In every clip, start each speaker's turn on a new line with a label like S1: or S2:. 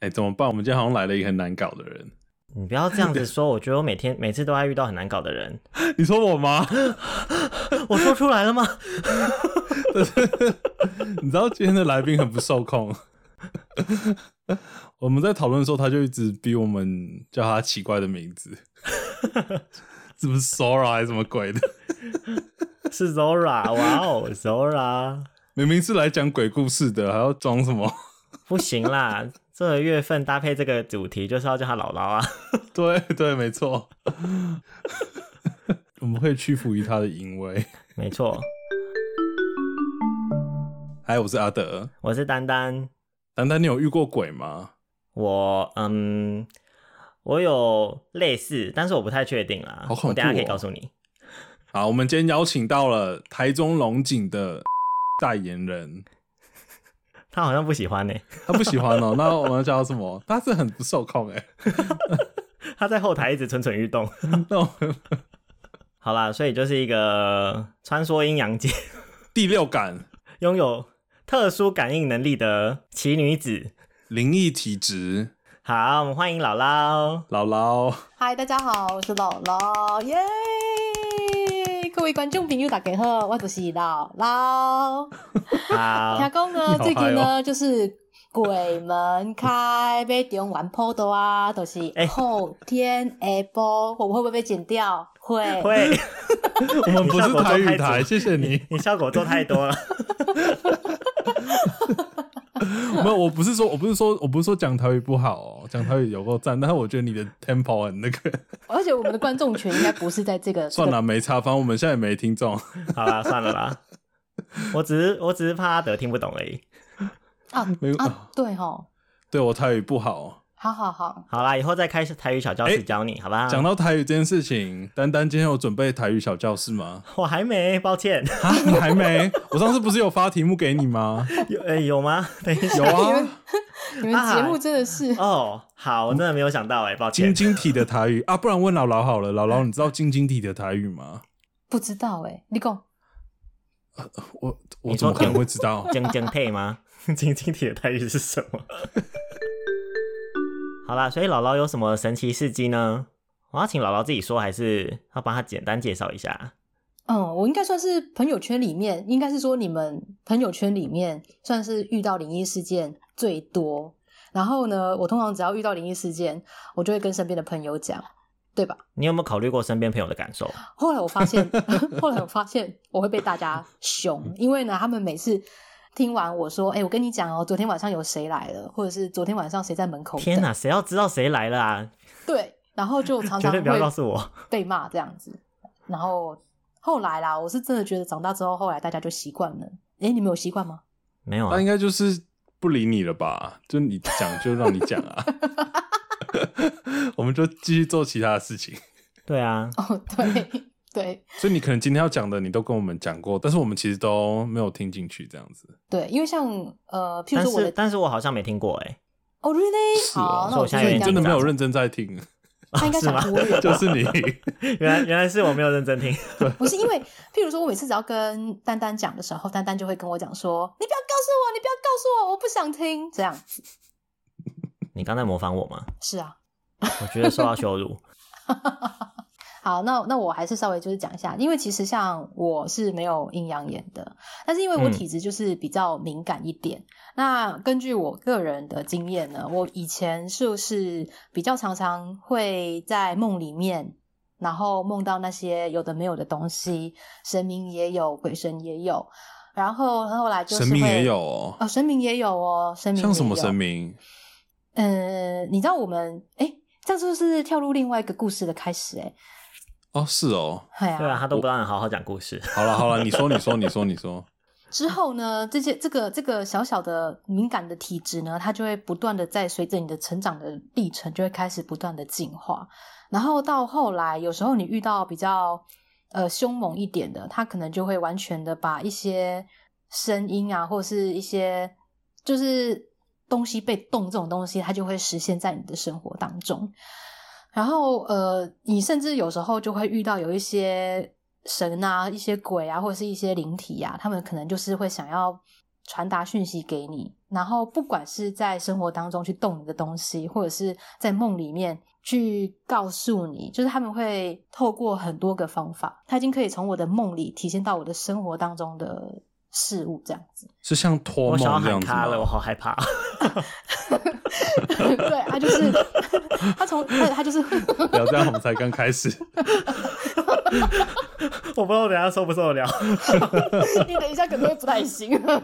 S1: 哎、欸，怎麼辦？我們今天好像來了一個很難搞的人。你不要這樣子說，我覺得我每天 每次都愛遇到很難搞的人。你說我嗎？ 我說出來了嗎？
S2: 但是 你知道今天的來賓很不受控。 我們在討論的時候，他就一直逼我們叫他奇怪的名字，什 麼是不是 Sora 還是什麼鬼的， 是 Sora，wow。哇哦
S1: ，Sora，明明是來講鬼故事的，還要裝什麼？ 不行啦。這個月份搭配這個主題，就是要叫他姥姥啊。對！對對，沒錯，
S2: 我們會屈服於他的淫威。沒錯。
S1: 嗨，我是阿德，我是丹丹。丹丹，你有遇過鬼嗎？我嗯，我有類似，但是我不太確定啦。好恐怖、哦！我等一下可以告訴你。
S2: 好，我們今天邀請到了台中龍井的代言人。他好像不喜歡呢、欸，他不喜歡哦、喔。 那我們
S1: 叫他什麼？他是很不受控哎、欸， 他在後台一直蠢蠢欲動。 No  好啦，所以就是一個穿梭陰陽界、第六感、擁有特殊感應能力的奇女子、靈異體質。好，我們歡迎姥姥，姥姥。
S3: 嗨，大家好，我是姥姥，耶。各位觀眾朋友大家好，我就是老老。好。聽講呢、喔，最近呢就是鬼門開，要 中玩破頭啊，就是後天下播、欸，我們會不會被剪掉？會會。 我們不是台語台，
S1: 謝謝你。你效果做太
S2: 多了。 沒有，我不是說，我不是說，我不是說講台語不好，喔，講台語有夠讚，但是我覺得你的 tempo 很那個。
S3: 而且我們的觀眾群應該不是在這個。 這個算了，
S2: 沒差，反正我們現在也沒聽眾，好啦，算了啦。
S1: 我只是，我只是怕阿德聽不懂而已。
S3: 啊，沒啊，對吼，啊，
S1: 對我台語不好。
S3: 好好好，
S1: 好啦，以後再開始台語小教室教你，欸、好吧？講到台語這件事
S2: 情，丹丹今天有準備台語小教室嗎？
S1: 我還沒，抱歉，
S2: 你還沒？ 我上次不是有發題目給你嗎？有誒、欸，有嗎？等一下？有啊，你
S1: 們節目
S3: 真的是、啊
S2: 啊、哦，好，我真的沒有想到、欸、抱歉。晶晶體的台語啊，不然問姥姥好了，姥姥，你知道晶晶體的台語嗎？
S3: 不知道哎、欸，你講、
S2: 呃，我
S1: 我怎麼可能會知道？晶晶體嗎？晶 晶體的台語是什麼？好啦，所以姥姥有什麼神奇事蹟呢？我要請姥姥自己說，還是要幫她簡單介紹一下？
S3: 嗯，我應該算是朋友圈裡面，應該是說你們朋友圈裡面算是遇到靈異事件最多。然後呢，我通常只要遇到靈異事件，我就會跟身邊的朋友講，對吧？
S1: 你有沒有考慮過身邊朋友的感受？
S3: 後來我發現， 後來我發現我會被大家凶，因為呢，他們每次。聽完我說，哎、欸，我跟你講哦、喔，昨天晚上有誰來了，或者是昨天晚上誰在門口？天哪、
S1: 啊，誰要知道誰來了啊？
S3: 對，然後就常常告訴，我被罵這樣子。然後後來啦，我是真的覺得長大之後，後來大家就習慣了。哎、欸，你們有習慣嗎？
S2: 沒有、啊，那應該就是不理你了吧？就你講，就讓你講啊， 我們就繼續做其他的事情。對啊，
S3: 哦、oh, 對。對，
S2: 所以你可能今天要講的，你都跟我們講過，但是我們其實都沒有聽進去這樣子。
S3: 對，因為像呃，譬如說我但，
S2: 但是我好像沒聽過哎、欸
S3: oh, really? 啊。哦，really？好，那、嗯嗯、我下次真的沒有認
S2: 真在聽。啊、他
S3: 應該想說是嗎？就是你，
S1: 原來原來是我沒有認真聽。不是因
S3: 為，譬如說我每次只要跟丹丹講的時候， 丹丹就會跟我講說：“你不要告訴我，你不要告訴我，我不想聽。”這樣子。
S1: 你剛在模仿我嗎？是啊，我覺得受到羞辱。
S3: 好，那那我還是稍微就是講一下，因為其實像我是沒有陰陽眼的，但是因為我體質就是比較敏感一點。嗯、那根據我個人的經驗呢，我以前是不是比較常常會在夢裡面，然後夢到那些有的沒有的東西，神明也有，鬼神也有，然後後來就是神明也有哦、哦、神明也有哦，神明也有哦，神明像什麼神明？嗯，你知道我們哎、欸，這樣是不是跳入另外一個故事的開始、欸？哎。
S2: 哦，是哦，對啊，他都不讓你好好講故事。好了好了，你說你說你說你說。
S3: 之後呢，這些這個這個小小的敏感的體質呢，它就會不斷的在隨着你的成長的歷程，就會開始不斷的進化。然後到後來，有時候你遇到比較呃凶猛一點的，它可能就會完全的把一些聲音啊，或者是一些就是東西被動這種東西，它就會實現在你的生活當中。然後，呃，你甚至有時候就會遇到有一些神啊、一些鬼啊，或者是一些靈體啊，他們可能就是會想要傳達訊息給你。然後，不管是在生活當中去動你的東西，或者是在夢裡面去告訴你，就是他們會透過很多個方法，他已經可以從我的夢裡體現到我的生活當中的事物這樣。
S2: 是像托夢一樣的，我好害怕、喔 對。
S3: 對他就是，他從他,他就是，聊 齋我們
S1: 才剛開始。 我不知道等下受不受得了。你
S3: 等一下可能會不太行、啊。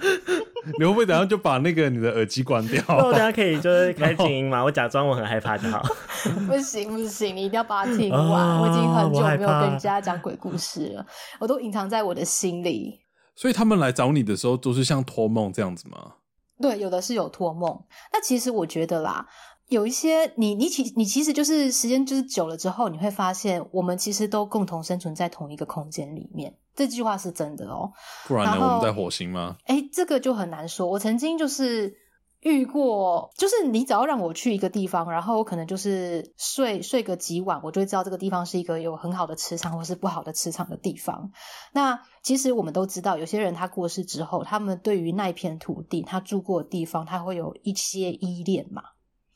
S2: 你會不會等一下就把那個你的耳機關掉？ 那我等下
S1: 可以就是開靜音嘛？我假裝我很害怕就好 。
S3: 不行不行，你一定要把它聽完、啊。我已經很久沒有跟人家講鬼故事了，我,我都隱藏在我的心裡。
S2: 所以他們來找你的時候，都是像托夢這樣子嗎？
S3: 對，有的是有托夢。那其實我覺得啦，有一些你你其你其實就是時間就是久了之後，你會發現我們其實都共同生存在同一個空間裡面。這句話是真的哦，不然呢？我們在火星嗎？哎，這個就很難說。我曾經就是遇過，就是你只要讓我去一個地方，然後我可能就是睡睡個幾晚，我就會知道這個地方是一個有很好的磁場或是不好的磁場的地方。那。其實我們都知道，有些人他過世之後，他們對於那片土地，他住過的地方，他會有一些依戀嘛。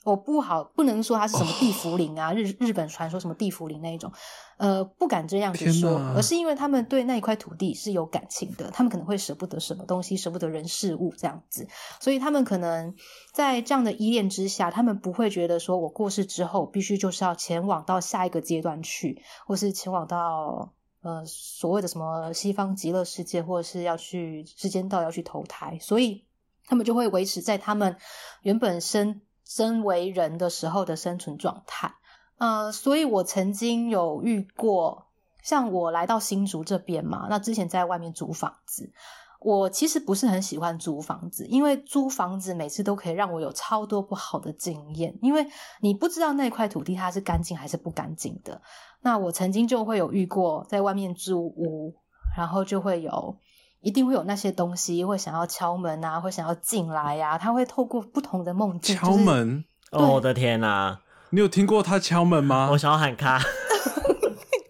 S3: 我不好、不能說他是什麼地縛靈啊，哦、日日本傳說什麼地縛靈那一種，呃，不敢這樣子說，而是因為他們對那一塊土地是有感情的，他們可能會捨不得什麼東西，捨不得人事物這樣子，所以他們可能在這樣的依戀之下，他們不會覺得說我過世之後必須就是要前往到下一個階段去，或是前往到。呃，所謂的什麼西方極樂世界，或者是要去世間道要去投胎，所以他們就會維持在他們原本身身為人的時候的生存狀態。呃，所以我曾經有遇過，像我來到新竹這邊嘛，那之前在外面租房子。我其實不是很喜歡租房子，因為租房子每次都可以讓我有超多不好的經驗。因為你不知道那塊土地它是乾淨還是不乾淨的。那我曾經就會有遇過在外面租屋，然後就會有一定會有那些東西會想要敲門啊，會想要進來呀、啊。他會透過不同的夢境敲門。
S1: 就是、哦，我的天吶、啊，你有聽過他敲門嗎？我想要喊卡。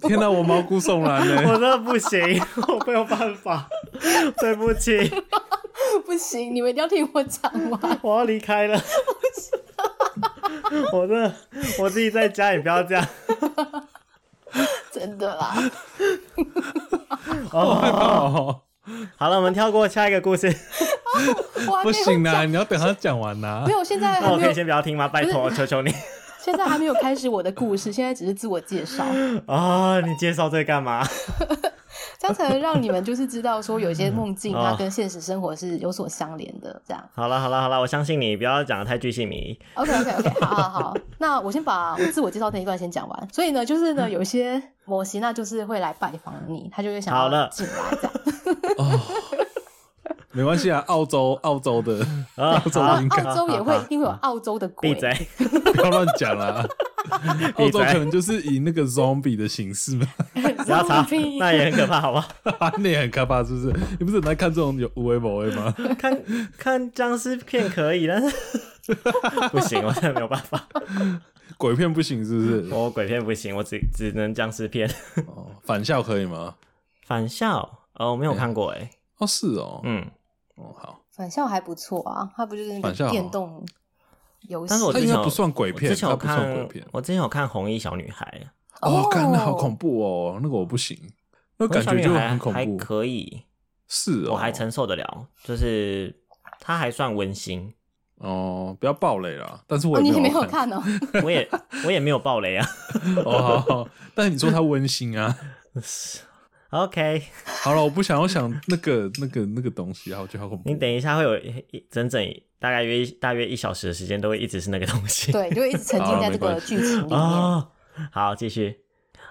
S2: 天哪，我毛骨悚然了，我
S1: 真的不行，我沒有辦法， 對不起，
S3: 不行，你們一定要聽我講嗎？我要離開了，
S1: 我知道我自己在家也不要這樣，
S3: 真的啦，
S1: 哦、 oh,，oh, oh. oh, oh, oh. 好了，我們跳過下一個故事，
S3: oh, 不行啦，你
S1: 要等他講完吶、啊。 沒有，
S3: 現在那我可以先不
S1: 要聽嗎？拜托、喔，求求你。
S3: 現在還沒有開始我的故事，現在只是自我介紹
S1: 啊、哦！你介紹在幹嘛？ 這
S3: 樣才能讓你們就是知道說，有一些夢境它跟現實生活是有所相連的。這樣
S1: 好了、哦，好了，好了，我相信你，不要講得太巨細靡遺 OK，OK，OK，好，
S3: 好， 那我先把我自我介紹那一段先講完。所以呢，就是呢，有些模型那就是會來拜訪你，他就會想要進
S1: 來。這樣。
S2: 沒關係啊，澳洲澳洲的、呃、澳洲的、啊，澳洲也會、啊、因為
S3: 有澳洲的鬼，不
S2: 要亂講啦，澳洲可能就是以那個 zombie 的形式嘛。
S3: 要查那也很可怕，
S2: 好嗎？ 那也很可怕，是不是？
S3: 你不是
S1: 在看這種有的沒的嗎？看看僵屍片可以，但是 不行，我現在沒有辦法。 鬼片不行，是不是？我、哦、鬼片不行，我只只能僵屍片。哦，返校可以嗎？返校，哦，我沒有看過哎、欸欸。哦，是哦，嗯。
S3: 哦好，返校還不錯啊，他不就是那個電動遊戲？但是我真的不算鬼片。之前有看不算鬼片我之前有看，
S1: 我之前有看《紅衣小女孩》哦，哦，看得好恐怖哦，那個我不行，
S3: 那感覺就很
S1: 恐怖，還,還可以，是、哦，我還承受得了，就是它還算溫馨哦，不要爆雷了。但是我也沒、哦、你也沒有看哦， 我也我也沒有爆雷啊。 哦，好好
S2: 但是你說它溫馨啊？ OK，好了，我不想要想那個、 那個、那個東西啊，我覺
S1: 得好恐怖。你等一下會有一整整大概約一大約一小時的時間，都會一直是那個東西。 對，就會一直沉浸在這個劇情裡面。好啦。哦，好，繼續，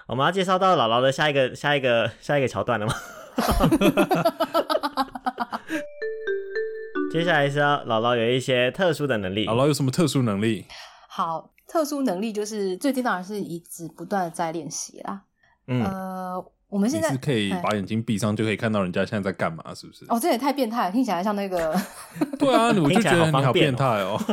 S1: 我們要介紹到姥姥的下一個、下一個、下一個橋段了嗎？ 接下來是要姥姥有一些特殊的能力。姥姥有什麼特殊能力？
S3: 好，特殊能力就是最近當然是一直不斷的在練習啦。嗯、呃我們現在是可以把
S2: 眼睛閉上，就可以看到人家現在在幹嘛，是不是？
S3: 哦，這也太變態了，聽起來像那個。 對啊， 我就覺得你好變
S2: 態哦 。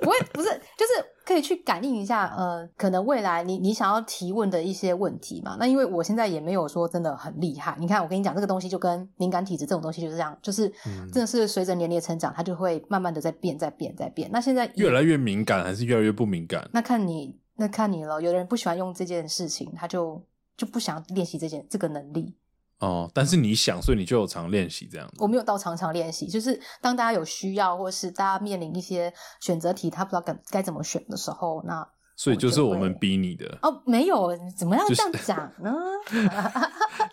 S3: 不會，不是，就是可以去感應一下，呃，可能未來你你想要提問的一些問題嘛。那因為我現在也沒有說真的很厲害。你看，我跟你講，這個東西就跟敏感體質這種東西就是這樣，就是真的是隨着年齡的成長，它就會慢慢的在變，在變，在變。那現在越來越
S2: 敏感，還是越來越不敏感？
S3: 那看你，那看你了。有的人不喜歡用這件事情，他就。就不想練習這件這個能力
S2: 哦，但是你想、嗯，所以你就有常練習這樣子。
S3: 我沒有到常常練習，就是當大家有需要，或是大家面臨一些選擇題，他不知道該該怎麼選的時候，那
S2: 所以就是我們逼你的
S3: 哦，沒有，怎麼樣這樣講呢？就
S2: 是、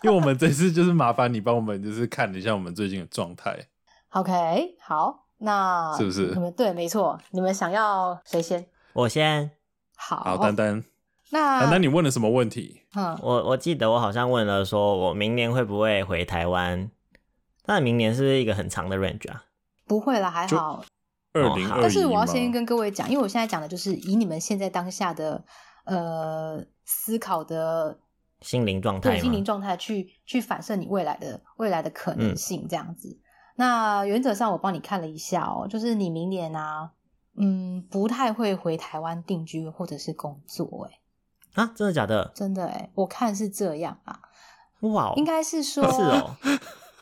S2: 因為我們這次就是麻煩你幫我們就是看了一下我們最近的狀態。
S3: OK，好，那是不是你們對？沒錯，你們想要誰先？
S1: 我先。好，好，丹丹。那、啊、那你問了什麼問題？嗯，我我記得我好像問了，說我明年會不會回台灣？那明年是,是一個很長的 range 啊，
S3: 不會啦，還好。
S1: 二零，哦、但是我要先跟
S3: 各位講、哦，因為我現在講的就是以你們現在當下的呃思考的
S1: 心靈狀態，對，心靈
S3: 狀態去去反射你未來的未來的可能性這樣子。嗯、那原則上我幫你看了一下哦、喔，就是你明年啊，嗯，不太會回台灣定居或者是工作、欸，哎。
S1: 啊，真的假的？
S3: 真的哎、欸，我看是這樣啊，
S1: 哇、wow，應該是說，是哦。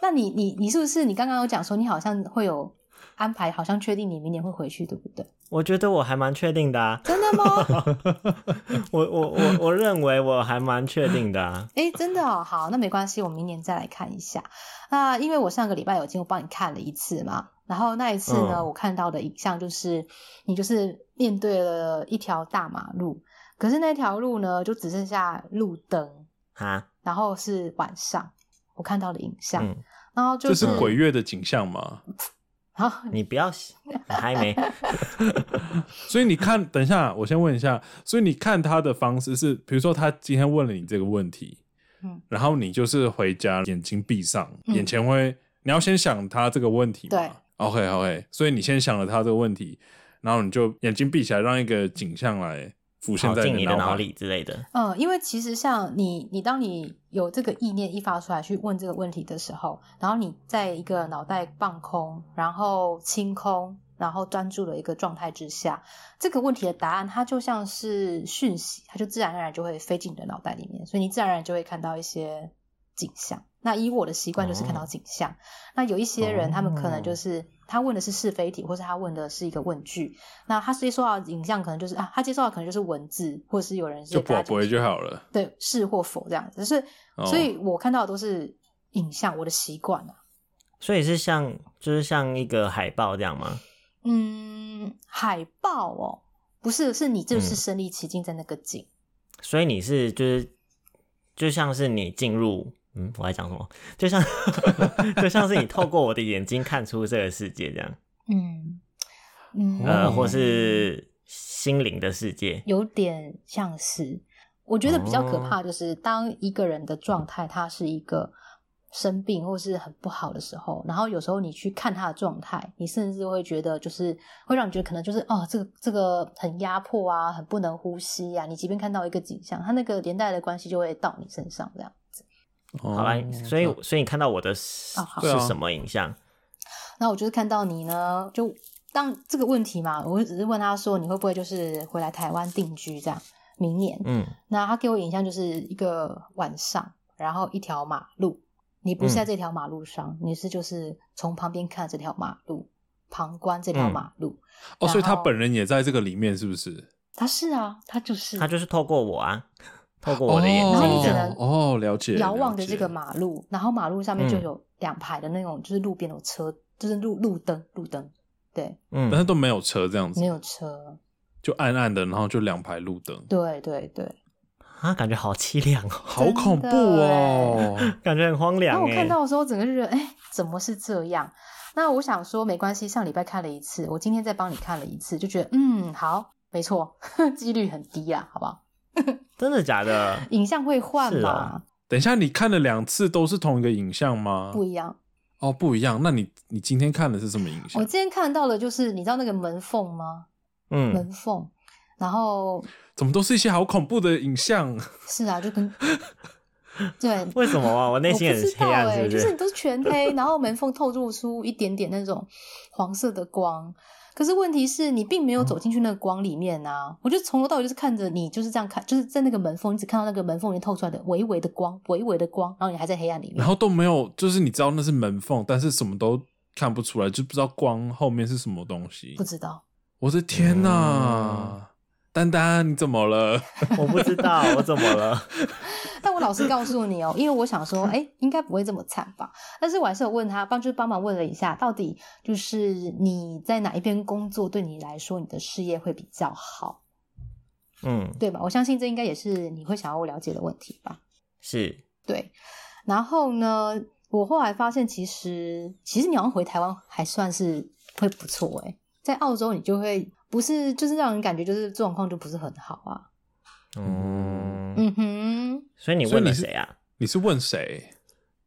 S3: 那你你你是不是你剛剛有講說你好像會有安排，好像確定你明年會回去，對不對？
S1: 我覺得我還蠻確定的啊。真的嗎？ 我我我我認為我還蠻確定的。
S3: 啊。哎、 欸，真的哦、喔，好，那沒關係，我明年再來看一下。那、呃、因為我上個禮拜有機會幫你看了一次嘛，然後那一次呢，嗯、我看到的影像就是你就是面對了一條大馬路。可是那條路呢，就只剩下路燈啊，然後是晚上，我看到的影像、嗯，然後就是鬼
S2: 月的景象嘛。
S3: 好、嗯啊，
S2: 你不要笑 還沒 所以你看，等一下，我先問一下，所以你看他的方式是，比如說他今天問了你這個問題，嗯，然後你就是回家，眼睛閉上，嗯、眼前會，你要先想他這個問題嗎？對，OK OK，所以你先想了他這個問題，然後你就眼睛閉起來，讓一個景象來。附身在你的腦裡之類的，
S3: 的，嗯，因為其實像你，你當你有這個意念一發出來去問這個問題的時候，然後你在一個腦袋放空、然後清空、然後專注的一個狀態之下，這個問題的答案，它就像是訊息，它就自然而然就會飛進你的腦袋裡面，所以你自然而然就會看到一些。景象。那以我的習慣就是看到景象。Oh. 那有一些人，oh. 他們可能就是他問的是是非題，或者他問的是一個問句。那他接受到的影像，可能就是啊，他接受到的可能就是文字，或者是有人是駁駁
S2: 就好
S1: 了。
S3: 對，是或否這樣。只是，所以我看到的都是影像。Oh. 我的習慣啊。
S1: 所以是像，就是像一個海報這樣嗎？嗯，
S3: 海報哦，不是，是你就是身歷其境在那個景。嗯。
S1: 所以你是就是，就像是你進入。嗯，我還講什麼？就像， 就像是你透過我的眼睛看出這個世界這樣。
S3: 嗯嗯，呃，或是
S1: 心靈的世界，
S3: 有點像是。我覺得比較可怕，就是、哦、當一個人的狀態，他是一個生病或是很不好的時候，然後有時候你去看他的狀態，你甚至會覺得，就是會讓你覺得可能就是哦，這個這個很壓迫啊，很不能呼吸呀、啊。你即便看到一個景象，他那個連帶的關係就會到你身上這樣。
S1: 好啦，所以所以你看到我的是，哦、是什麼影像？
S3: 那我就是看到你呢，就當這個問題嘛，我只是問他說，你會不會就是回來台灣定居這樣？明年，嗯，那他給我影像就是一個晚上，然後一條馬路，你不是在這條馬路上，嗯，你是就是從旁邊看這條馬路，旁觀這條馬路，嗯。哦，所以他
S2: 本人也在這個裡面，是不是？
S3: 他是啊，他就是他就
S2: 是透過我啊。透過我的眼睛哦，哦了解，遙
S3: 望着這個馬路、哦，然後馬路上面就有兩排的那種就的、嗯，就是路邊有車，就是路路燈，路燈，對，嗯，
S2: 但是都沒有車這樣子，沒有車，就暗暗的，然後就兩排路燈，
S3: 對對對，啊，
S2: 感
S1: 覺好淒涼，好恐怖哦，感覺很荒涼。那我看到
S3: 的時候，整個就覺得，哎、欸，怎麼是這樣？那我想說，沒關係，上禮拜看了一次，我今天再幫你看了一次，就覺得，嗯，好，沒錯，幾率很低啊，好不好？
S1: 真的假的？
S3: 影像會換嗎、啊？
S2: 等一下，你看了兩次都是同一個影像嗎？不一樣。哦，不一樣。那你你今天看的是什麼影像？我今
S3: 天看到的就是你知道那個門縫嗎？嗯，門縫。然後
S2: 怎麼都是一些好恐怖的影像？
S3: 是啊，就跟 對。為什麼啊？我內心很黑暗，是不是？欸就是，都是全黑， 然後門縫透露出，出一點點那種黃色的光。可是問題是你並沒有走進去那個光裡面啊！嗯、我就從頭到尾就是看着你就是這樣看，就是在那個門縫，你只看到那個門縫裡面透出來的微微的光，微微的光，然後你還在黑暗裡面，
S2: 然後都沒有，就是你知道那是門縫，但是什麼都看不出來，就不知道光後面是什麼東西，不知道。我的天哪、啊！嗯丹丹，你怎麼了？我不知道 我怎麼
S1: 了。
S3: 但我老實告訴你哦、喔，因為我想說，哎、欸，應該不會這麼慘吧？但是我還是有問他，幫就幫忙問了一下，到底就是你在哪一邊工作，對你來說，你的事業會比較好？嗯，對吧？我相信這應該也是你會想要我了解的問題吧？是。對。然後呢，我後來發現其，其實其實你要回台灣還算是會不錯誒、欸，在澳洲你就會。不是，就是讓人感覺就是狀況就不是很好啊。嗯嗯哼，所以你問了誰
S2: 啊你？你是問誰？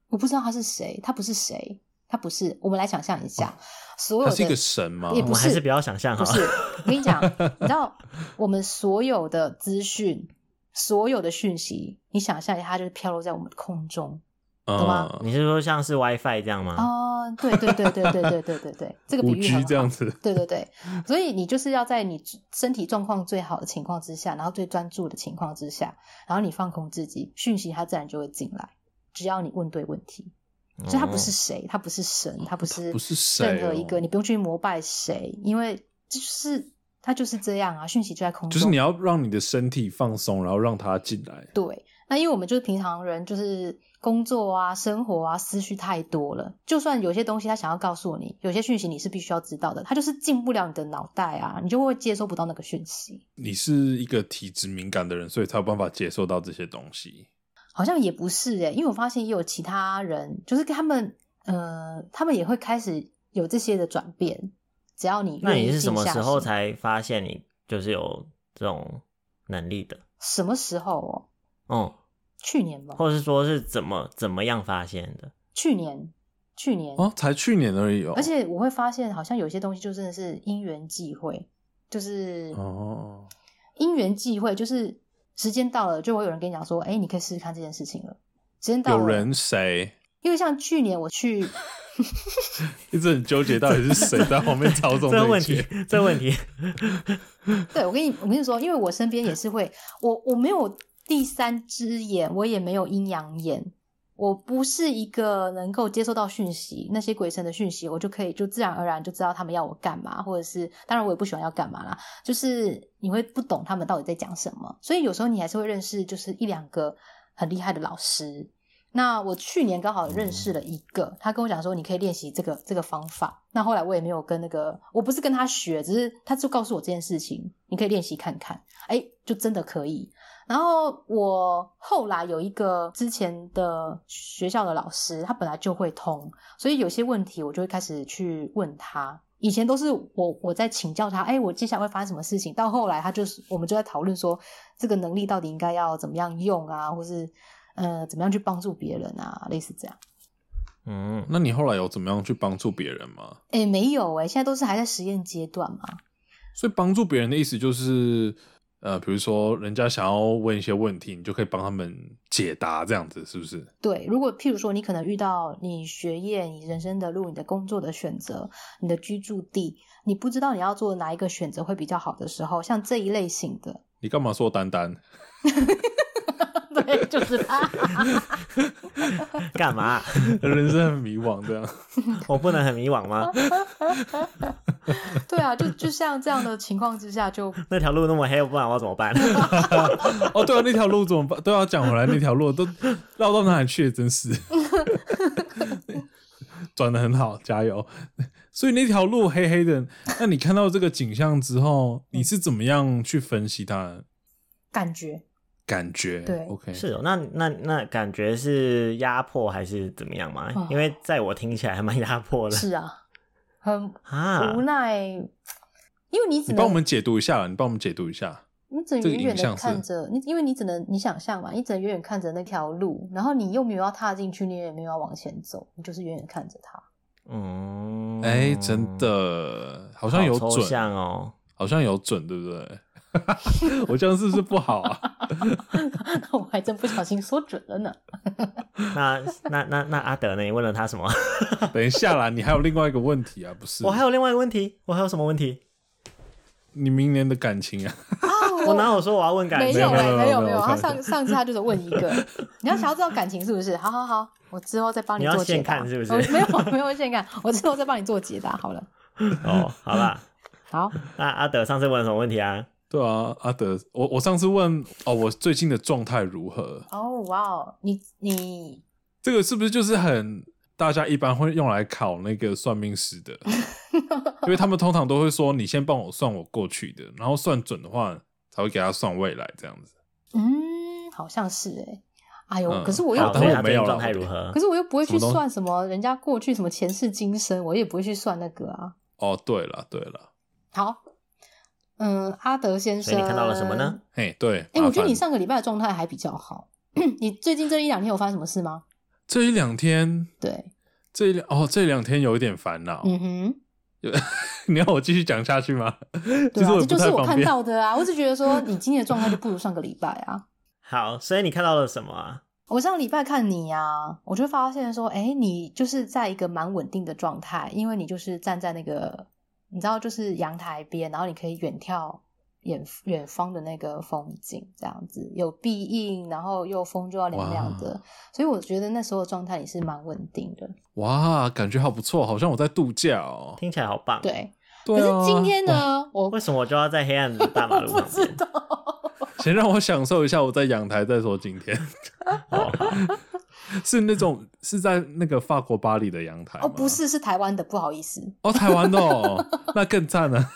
S3: 我不知道他是誰，他不是誰，他不是。我們來想象一下，哦、所有他是一個神嗎？也不是，比較想象哈。不是，我 跟你講，你知道，我們所有的資訊， 所有的訊息，你想象一下，它就是飄落在我們的空中。哦、
S1: 嗯。你是說像是 WiFi 這樣嗎？哦。
S3: 對對對對對對對對，對，對，對這個比喻是這樣子，對對對，所以你就是要在你身體狀況最好的情況之下，然後最專注的情況之下，然後你放空自己，訊息它自然就會進來。只要你問對問題，
S1: 所以它不是
S3: 誰，它不是神，它不是不是任何一個，你不用去膜拜誰，因為就是它就是這樣啊，訊息就在空中，就是你要
S2: 讓你的身體放鬆，然後讓它進來。
S3: 對，那因為我們就是平常人，就是。工作啊，生活啊，思緒太多了。就算有些東西他想要告訴你，有些訊息你是必須要知道的，他就是進不了你的腦袋啊，你就會接收不到那個訊息。
S2: 你是一個體質敏感的人，所以才有辦法接受到這些東西。
S3: 好像也不是哎、欸，因為我發現也有其他人，就是他們，呃，他們也會開始有這些的轉變。只要你，那你是什麼時候
S1: 才發現你就是有這種能力的？
S3: 什麼時候、喔、哦？嗯。去年吧，或者
S1: 是說，是怎麼怎麼樣發現的？
S3: 去年，去年哦，
S1: 才去年而已哦。而且
S3: 我會發現，好像有些東西，就真的是因緣際會，就是哦，因緣際會，就是時間到了，就會有人跟你講說：“哎、欸，你可以試試看這件事情了。”時間到了，有人誰？因為像去年我去 ，
S2: 一直很糾結，到底是誰在後面操縱？ 這問題，這問題。
S3: 對，我跟你，我跟你說，因為我身邊也是會，我我沒有。第三隻眼，我也沒有陰陽眼，我不是一個能夠接受到訊息，那些鬼神的訊息，我就可以就自然而然就知道他們要我幹嘛，或者是當然我也不喜歡要幹嘛啦。就是你會不懂他們到底在講什麼，所以有時候你還是會認識就是一兩個很厲害的老師。那我去年剛好認識了一個，他跟我講說你可以練習這個這個方法。那後來我也沒有跟那個，我不是跟他學，只是他就告訴我這件事情，你可以練習看看，哎，就真的可以。然後我後來有一個之前的學校的老師，他本來就會通，所以有些問題我就會開始去問他。以前都是我我在請教他，哎，我接下來會發生什麼事情？到後來他就是我們就在討論說，這個能力到底應該要怎麼樣用啊，或是呃怎麼樣去幫助別人啊，類似這樣。嗯，
S2: 那你後來有怎麼樣去幫助別人嗎？
S3: 哎，沒有哎，現在都是還在實驗階段嘛。
S2: 所以幫助別人的意思就是。呃，比如說，人家想要問一些問題，你就可以幫他們解答，這樣子是不是？
S3: 對，如果譬如說，你可能遇到你學業、你人生的路、你的工作的選擇、你的居住地，你不知道你要做哪一個選擇會比較好的時候，像這一類型的，
S2: 你幹嘛說丹丹？
S1: 就是他， 幹嘛？人生很迷惘這樣。 我不能很迷惘嗎？
S3: 對啊，就就像這樣的情況之下，就 那
S1: 條路那麼黑，不然我怎麼辦？ 哦，對啊，那條路怎麼辦？都
S2: 要講回來那條，那條路都繞到哪裡去？真是，轉 得很好，加油。 所以那條路黑黑的，那你看到這個景象之
S1: 後， 你是怎麼樣去分析它？
S3: 感覺。感覺對
S1: ，OK，是哦、喔。那那那感覺是壓迫還是怎麼樣嘛、啊？因為在我聽起來還蠻壓迫的。是
S3: 啊，很啊無奈啊。因為你只能幫我們
S2: 解讀一下，你幫我們解讀一下。你
S3: 只能遠遠的看着你，因為你只能你想象嘛，你只能遠遠看着那條路，然後你又沒有要踏進去，你也沒有要往前走，你就是遠遠看着他。
S2: 嗯，哎、欸，真的好、哦、好像有準像哦，
S1: 好像有準，對不對？ 我這樣是不是不好啊？
S3: 那我還真不小心說準了呢。
S1: 那那那那阿德呢？你問了他什麼？
S2: 等一下啦，你還有另外一個問題啊？不是？ 我還
S3: 有另外一個問題，我還有什麼問題？
S2: 你明年的感情啊？
S3: 哦哦、我
S1: 哪有說我要問
S3: 感情？沒有哎，沒有沒有。沒有沒有 他上上次他就是問一個， 你要想要知道感情是不是？好好好，我之後再幫你做。你要先看是不是？ 哦、沒有沒有先看，我之後再幫你做解答。好
S1: 了。 哦，好吧。 好。那阿
S2: 德上次問了什麼問題啊？對啊，阿、啊、德，我我上次問哦，我最近的狀態如何？
S3: 哦，哇哦，你你
S2: 這個是不是就是很大家一般會用來考那個算命師的？ 因為他們通常都會說，你先幫我算我過去的，然後算準的話才會給他算未來這樣子。嗯，
S3: 好像是哎、欸。哎呦，可是我又、嗯、我沒有狀態如何可是我又不會去算什麼人家過去什麼前世今生，我也不會去算那個啊。
S2: 哦，對了對了，
S3: 好。嗯，阿德先生，所以你看到了什麼呢？
S2: 嘿，對，哎、欸，我覺得你上
S3: 個禮拜的狀態還比較好。 你最近這一兩天有發生什麼事嗎？
S2: 這一兩天，對，這一兩哦這兩天有一點煩惱。嗯哼， 你要我繼續講下去嗎？
S3: 對啊，這就是我看到的啊， 我只覺得說你今天的狀態就不如上個禮拜啊。
S1: 好，所以你看到了什麼？啊？
S3: 我上個禮拜看你啊，我就發現說，哎、欸，你就是在一個蠻穩定的狀態，因為你就是站在那個。你知道，就是陽台邊，然後你可以遠眺遠遠方的那個風景，這樣子有庇蔭，然後又風就要涼涼的，所以我覺得那時候的狀態也是蠻穩定的。
S2: 哇，感覺好不錯，好像我在度假哦、喔，聽起來好棒。
S3: 對，對啊、可是今天呢，
S2: 我為什麼
S1: 我就要在黑暗的大馬路旁
S2: 邊？ 知道 先讓我享受一下我在陽台再說，今天 是那種是在那個法國巴黎的陽台哦，
S3: 不是，是台灣的，不好意思哦，台灣的、哦，
S1: 那更讚讚了，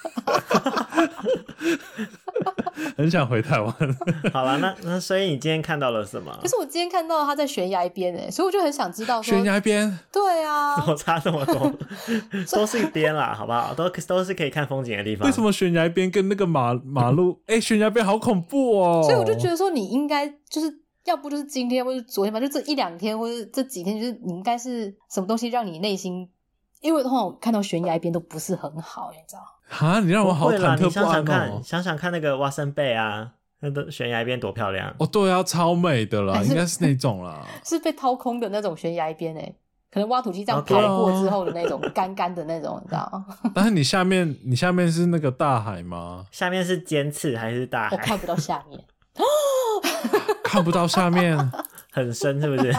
S1: 很想回台灣。 好了，那那所以你今天看到了什麼？可是
S3: 我今天看到他在懸崖邊哎，所以我就很想知道懸崖邊，對啊，怎 麼差這麼多？
S1: 都是一邊啦，好不好？都都是可以看風景的地方。為什
S2: 麼懸崖邊跟那個馬馬路？哎、 欸，懸崖邊好恐怖哦，所以我就覺得
S3: 說你應該就是。要不就是今天，或者是昨天吧，就這一兩天，或者是這，這幾天，就是你應該是什麼東西讓你內心，因為的話，我看到懸崖邊都不是很好，欸，你知道
S1: 嗎？啊，你讓我好忐忑，
S3: 喔，想想看，
S1: 想想看那個挖森貝啊，那個懸崖邊多漂亮
S3: 哦，對
S2: 啊，超美的啦。應該是那種啦？
S3: 是被掏空的那種懸崖邊誒，欸，可能挖土機這樣開過之後的那種乾乾的那種，okay. 你知道嗎？
S2: 但是你下面，你下面是那個大海嗎？
S1: 下面是尖刺還是大海？我看不
S3: 到下面。
S1: 哦， 看不到下面， 很深是不是？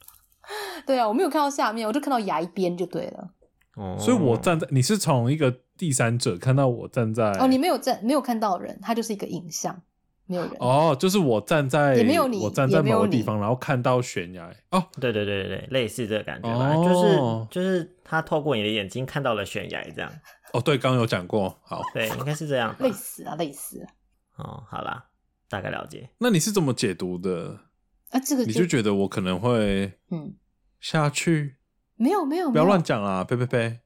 S3: 對啊，我沒有看到下面，我就看到崖一邊就對了。哦、
S2: 嗯，所以，我站在，你是從一個第三者看到我站在哦。你
S3: 沒有站，沒有看到人，他就是一個影像，沒
S2: 有人。哦，就是我站在，也沒有你，我站在某個地方，然後看到懸崖。
S1: 哦，對對對對，類似這個感覺吧，哦，就是就是他透過你的眼睛看到了懸崖這樣。
S2: 哦，對，剛剛有講過，
S1: 好，對，應該是這樣，
S3: 類似啊，類似。
S1: 哦，好啦。大概了解，
S2: 那你是怎麼解讀的？
S3: 啊，這個你就覺
S2: 得我可能會嗯下去，嗯、沒
S3: 有沒有，沒有，不要亂
S1: 講啊！呸呸呸，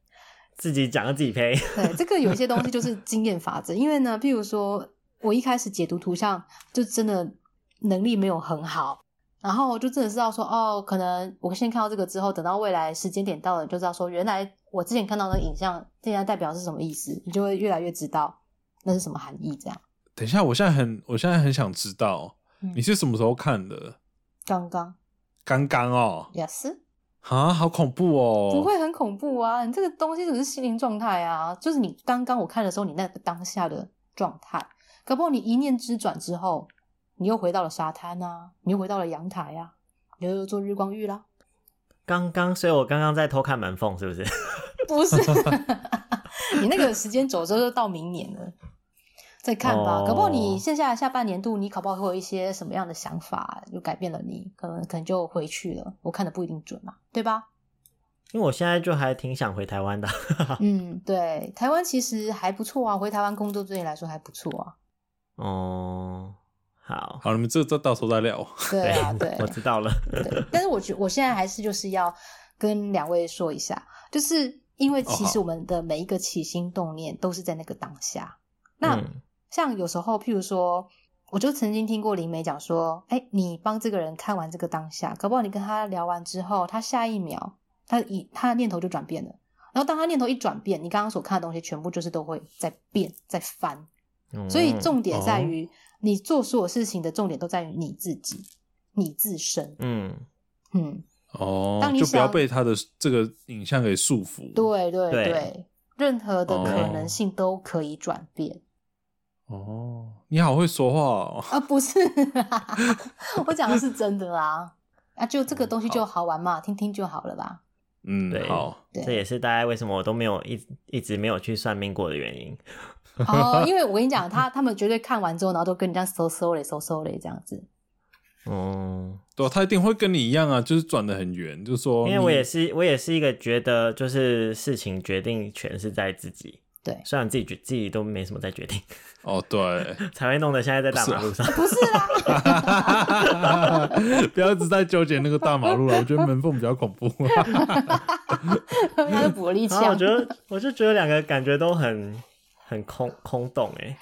S1: 自己講自己呸。對，
S3: 這個有一些東西就是經驗法則， 因為呢，譬如說，我一開始解讀圖像就真的能力沒有很好，然後就真的知道說，哦，可能我先看到這個之後，等到未來時間點到了，就知道說，原來我之前看到的影像，現在代表的是什麼意思，你就會越來越知道那是什麼含義，這樣。
S2: 等一下，我現在很，我現在很想知道你是什麼時候看的？
S3: 嗯、剛
S2: 剛，剛剛
S3: 哦。也是
S2: 啊，好恐怖哦！不會
S3: 很恐怖啊，你這個東西只是，是心靈狀態啊，就是你剛剛我看的時候，你那個當下的狀態。搞不好你一念之轉之後，你又回到了沙灘啊，你又回到了陽台啊，你又，又做日光浴啦。
S1: 剛剛，所以我剛剛在偷看門縫，是不是？
S3: 不是， 你那個時間走之後，就到明年了。再看吧，哦、可不，你剩下下半年度，你考不好會有一些什麼樣的想法？又改變了你，可能可能就回去了。我看的不一定準嘛、啊，對吧？因為
S1: 我現在就還挺想回台灣的。 嗯，
S3: 對，台灣其實還不錯啊，回台灣工作對你來說還不錯啊。
S1: 哦，好，好，你們這這到時候再聊。
S3: 對啊，
S1: 對， 我知道了。
S3: 對，但是我覺我現在還是就是要跟兩位說一下，就是因為其實我們的每一個起心動念都是在那個當下、哦，那。嗯像有時候，譬如說，我就曾經聽過靈媒講說：“哎、欸，你幫這個人看完這個當下，搞不好，你跟他聊完之後，他下一秒，他以他的念頭就轉變了。然後，當他念頭一轉變，你剛剛所看的東西，全部就是都會在變，在翻。嗯、所以，重點在於、嗯、你做所有事情的重點都在於你自己，你自身。嗯嗯哦當
S2: 你想，就不要被他的這個影像給束縛。對對對，對，對，
S3: 任何的可能性、哦、都可以轉變。”
S2: 哦，你好會說話、哦、啊！
S3: 不是，我講的是真的啦！啊，就這個東西就好玩嘛，嗯、聽聽就好了吧？
S1: 嗯，對，這也是大家為什麼我都沒有一一直沒有去算命過的原因。哦，因
S3: 為我跟你講，他他們絕對看完之後，然後都跟人家收收嘞、收收嘞這樣子。
S2: 哦，
S1: 對，他一定會跟你一樣啊，就是轉的很圓，就是說，因為我也是，我也是一個覺得，就是事情決定權是在自己。對，雖然自己自己都沒什麼在決定，哦，對，才會弄得現在在大馬路上。不是啊， 不，
S3: 是
S1: 啦 不要一直在糾結那個大馬路了， 我覺得門縫比較恐怖。哈
S3: 哈哈哈哈。因我覺得，
S1: 我就覺得兩個感覺都很很空空洞、欸、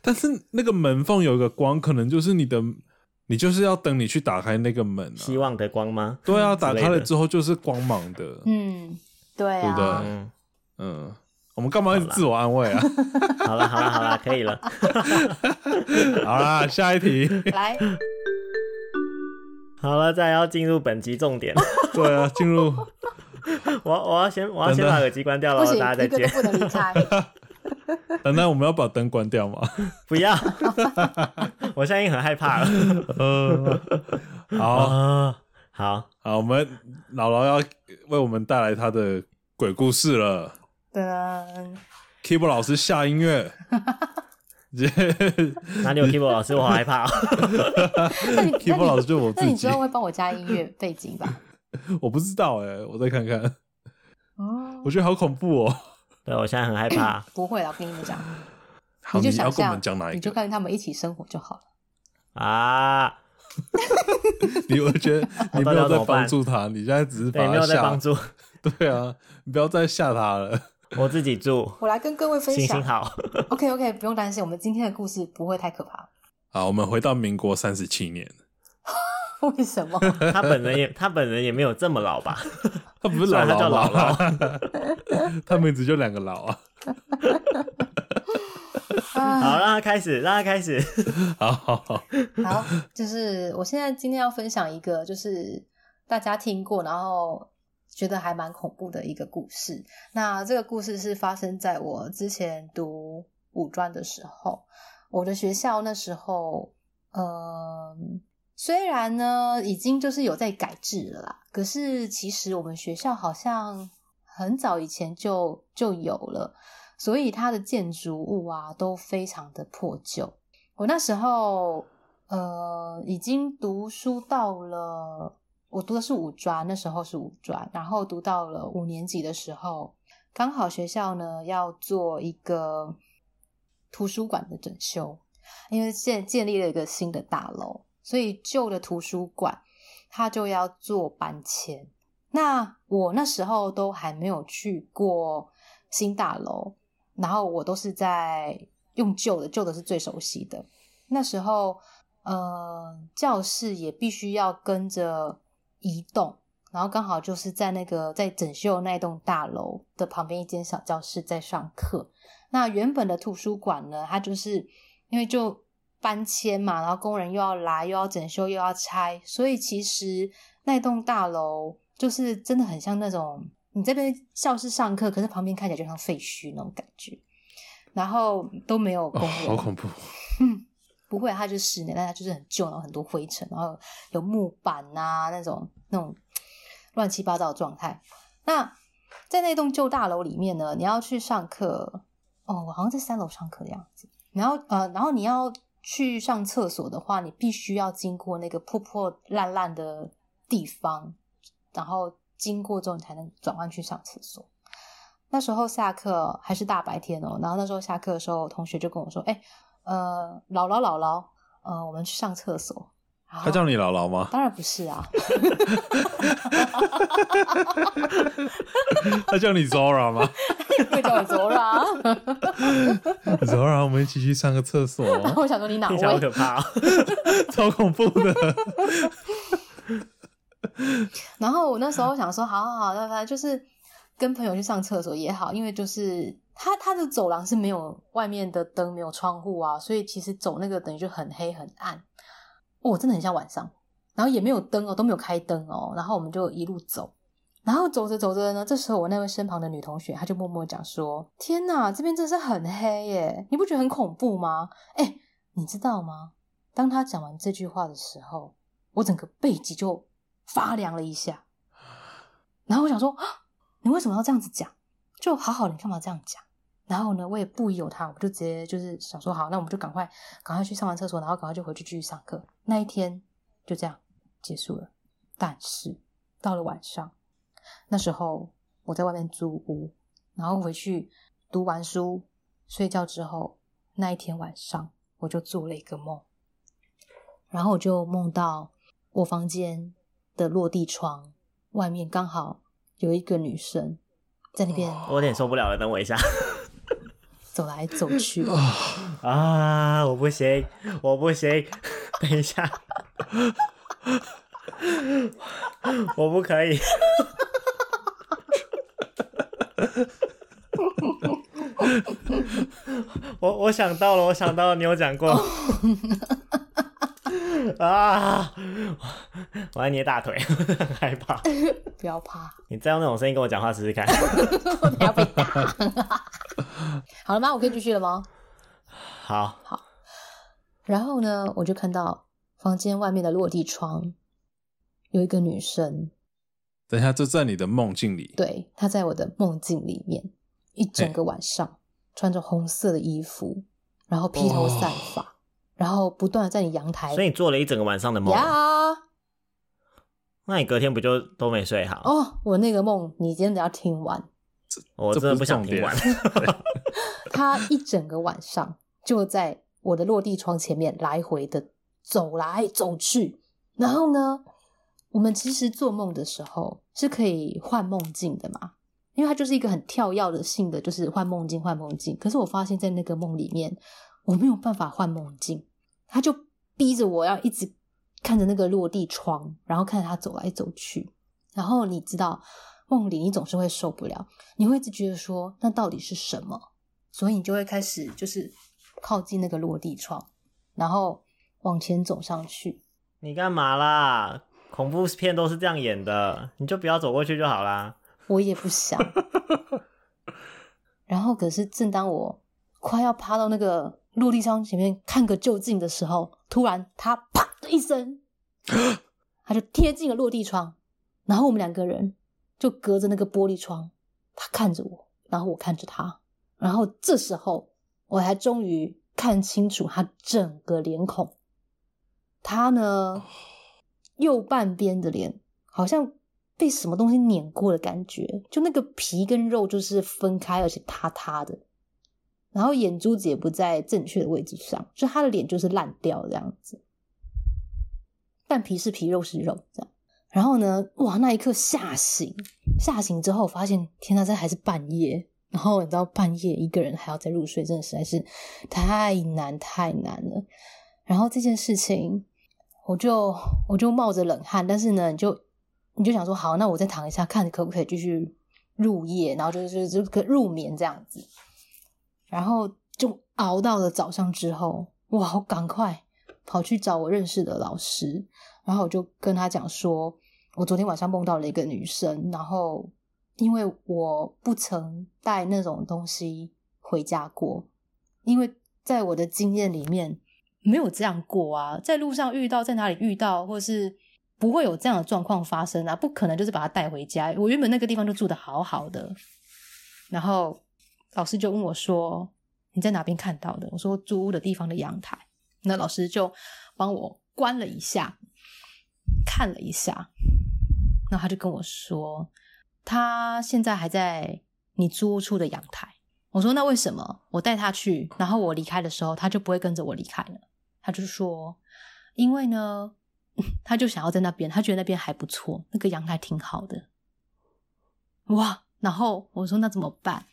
S2: 但是那個門縫有一個光，可能就是你的，你就是要等你去打開那個門，啊，希望的光嗎？對啊，打開了之後就是光芒的。
S3: 嗯，對、啊。的，嗯。嗯
S2: 我們幹嘛要自我安慰啊？好了，
S1: 好了，好了，可以
S3: 了。 好啦，下一題。來，
S1: 好了，再來要進入本集重點。 對啊，進入。我我要先我要先把耳機關掉，然後大家再見。不能離開。 等等，我們
S2: 要把燈關掉嗎？ 不要。 我現在已經很害怕了。嗯、 呃，好、啊、好好，我們姥姥要為我們帶來她的鬼故事了。Kibo 老師下音樂，哪 裡 有 Kibo 老師？ 我好害怕、哦。
S3: k 那你之後會幫我加音樂背景吧？
S2: 我不知道哎，我再看看、
S3: 哦。
S1: 我覺得好恐怖哦。對，我現在很害怕。
S3: 不會了，我跟你們講，你就想這樣，你就看他們一起生活就好
S1: 了。啊！
S2: 你會覺得你不要再幫助他， 你現在只是他下沒有在幫助 對啊，不要再嚇他了。 我自己住，我
S3: 來跟各位分享。星星好，OK OK，不用擔心，我們今天的故事不會太可怕。
S2: 好，我們回到民國三十七年。
S3: 為什麼？他本人
S1: 也，他本人也沒有這麼老吧？ 他不是老、老，他叫老老。他名字就兩個老啊，
S3: 啊。好，
S1: 讓他開始，讓他開始。好 好
S3: 好，就是我現在今天要分享一個，就是大家聽過，然後。覺得還蠻恐怖的一個故事。那這個故事是發生在我之前讀五專的時候。我的學校那時候，呃、嗯，雖然呢已經就是有在改制了啦，可是其實我們學校好像很早以前就就有了，所以它的建築物啊都非常的破舊。我那時候，呃、嗯，已經讀書到了。我讀的是五專，那時候是五專，然後讀到了五年級的時候，剛好學校呢要做一個圖書館的整修，因為建建立了一個新的大樓，所以舊的圖書館它就要做搬遷。那我那時候都還沒有去過新大樓，然後我都是在用舊的，舊的是最熟悉的。那時候，呃，教室也必須要跟着。一棟，然後剛好就是在那個在整修那一棟大樓的旁邊一間小教室在上課。那原本的圖書館呢，它就是因為就搬遷嘛，然後工人又要來又要整修又要拆，所以其實那一棟大樓就是真的很像那種你這邊教室上課，可是旁邊看起來就像廢墟那種感覺，然後都沒有工人，哦，好恐怖。嗯不會，它就是十年，但它就是很舊，然後很多灰塵，然後有木板啊，那種那種亂七八糟的狀態。那在那棟舊大樓裡面呢，你要去上課，哦，我好像在三樓上課的樣子。然後呃，然後你要去上廁所的話，你必須要經過那個破破爛爛的地方，然後經過之後你才能轉彎去上廁所。那時候下課還是大白天哦，然後那時候下課的時候，我同學就跟我說，哎。呃，姥姥姥姥，呃，我們去上廁所。他叫你姥姥嗎？當然不是啊。
S2: 他叫你 Zora 嗎？
S3: 會叫我 Zora。
S2: Zora，我們一起去上個廁所。然後我想說，你哪位？超可怕，哦， 超恐怖的 。
S3: 然後我那時候想說，好好好，那反正就是跟朋友去上廁所也好，因為就是。他他的走廊是沒有外面的燈，沒有窗戶啊，所以其實走那個等於就很黑很暗，哦，真的很像晚上，然後也沒有燈哦，都沒有開燈哦，然後我們就一路走，然後走着走着呢，這時候我那位身旁的女同學，她就默默講說：“天哪，這邊真是很黑耶，你不覺得很恐怖嗎？”哎，你知道嗎？當她講完這句話的時候，我整個背脊就發涼了一下，然後我想說：“啊，你為什麼要這樣子講？就好好，你幹嘛這樣講？”然後呢，我也不疑有他，我就直接就是想說好，那我們就趕快趕快去上完廁所，然後趕快就回去繼續上課。那一天就這樣結束了。但是到了晚上，那時候我在外面租屋，然後回去讀完書睡覺之後，那一天晚上我就做了一個夢，然後我就夢到我房間的落地窗外面剛好有一個女生在那邊，
S1: 我有點受不了了，等我一下。走來走去、哦、啊！我不行，我不行， 等一下， 我不可以。 我我想到了，我想到了，你有講過。 啊！我要捏大腿，呵呵害怕。
S3: 不要怕。
S1: 你再用那種聲音跟我講話試試看。要
S3: 好了嗎？我可以繼續了嗎？
S1: 好。
S3: 好。然後呢，我就看到房間外面的落地窗，有一個女生。
S2: 等一下，就在你的夢境裡。
S3: 對，她在我的夢境裡面，一整個晚上、欸、穿着紅色的衣服，然後披頭散髮。哦然後不斷地在你陽台，所以你
S1: 做了一整個晚上的夢。呀，那你隔天不就都沒睡好？
S3: 哦、oh，我那個夢，你今天得要聽完。
S1: 這，我真的不想聽完。
S3: 他一整個晚上就在我的落地窗前面來回的走來走去。然後呢，我們其實做夢的時候是可以換夢境的嘛？因為它就是一個很跳躍的性的，就是換夢境，換夢境。可是我發現在那個夢裡面，我沒有辦法換夢境。他就逼着我要一直看着那個落地窗，然後看着他走來走去。然後你知道，夢裡你總是會受不了，你會一直覺得說那到底是什麼？所以你就會開始就是靠近那個落地窗，然後往前走上去。
S1: 你幹嘛啦？恐怖片都是這樣演的，你就不要走過去就好啦。
S3: 我也不想。 然後可是，正當我快要趴到那個。落地窗前面看個究竟的時候，突然他啪的一聲， 他就貼近了落地窗，然後我們兩個人就隔着那個玻璃窗，他看着我，然後我看着他，然後這時候我才終於看清楚他整個臉孔，他呢右半邊的臉好像被什麼東西碾過的感覺，就那個皮跟肉就是分開，而且塌塌的。然後眼珠子也不在正確的位置上，就他的臉就是爛掉這樣子，但皮是皮，肉是肉這樣。然後呢，哇，那一刻嚇醒，嚇醒之後發現，天吶，這還是半夜。然後你知道半夜一個人還要再入睡，真的實在是太難太難了。然後這件事情，我就我就冒着冷汗，但是呢，你就你就想說，好，那我再躺一下，看可不可以繼續入夜，然後就是就可入眠這樣子。然後就熬到了早上之後，哇！我趕快跑去找我認識的老師，然後我就跟他講說，我昨天晚上夢到了一個女生，然後因為我不曾帶那種東西回家過，因為在我的經驗裡面沒有這樣過啊，在路上遇到，在哪裡遇到，或是不會有這樣的狀況發生啊，不可能就是把她帶回家。我原本那個地方就住得好好的，然後。老師就問我說：“你在哪邊看到的？”我說：“租屋的地方的陽台。”那老師就幫我關了一下，看了一下。那他就跟我說：“他現在還在你租屋處的陽台。”我說：“那為什麼我帶他去，然後我離開的時候他就不會跟着我離開了？”他就說：“因為呢，他就想要在那邊，他覺得那邊還不錯，那個陽台挺好的。”哇！然後我說：“那怎麼辦？”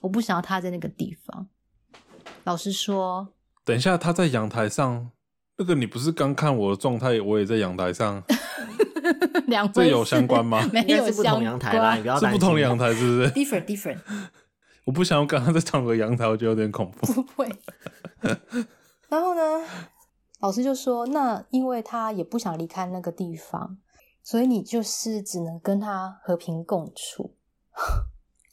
S3: 我不想要他在那個地方。老師說：“
S2: 等一下，他在陽台上。那個你不是剛看我的狀態，我也在陽台上。
S3: ”這個、有相關嗎？沒有相關，是不同陽台
S1: 啦你不要啦，是不同陽
S2: 台，是不是
S3: ？Different，different different。
S2: 我不想要跟他在同一個陽台，我就有點恐怖。不會。
S3: 然後呢？老師就說：“那因為他也不想離開那個地方，所以你就是只能跟他和平共處。 ”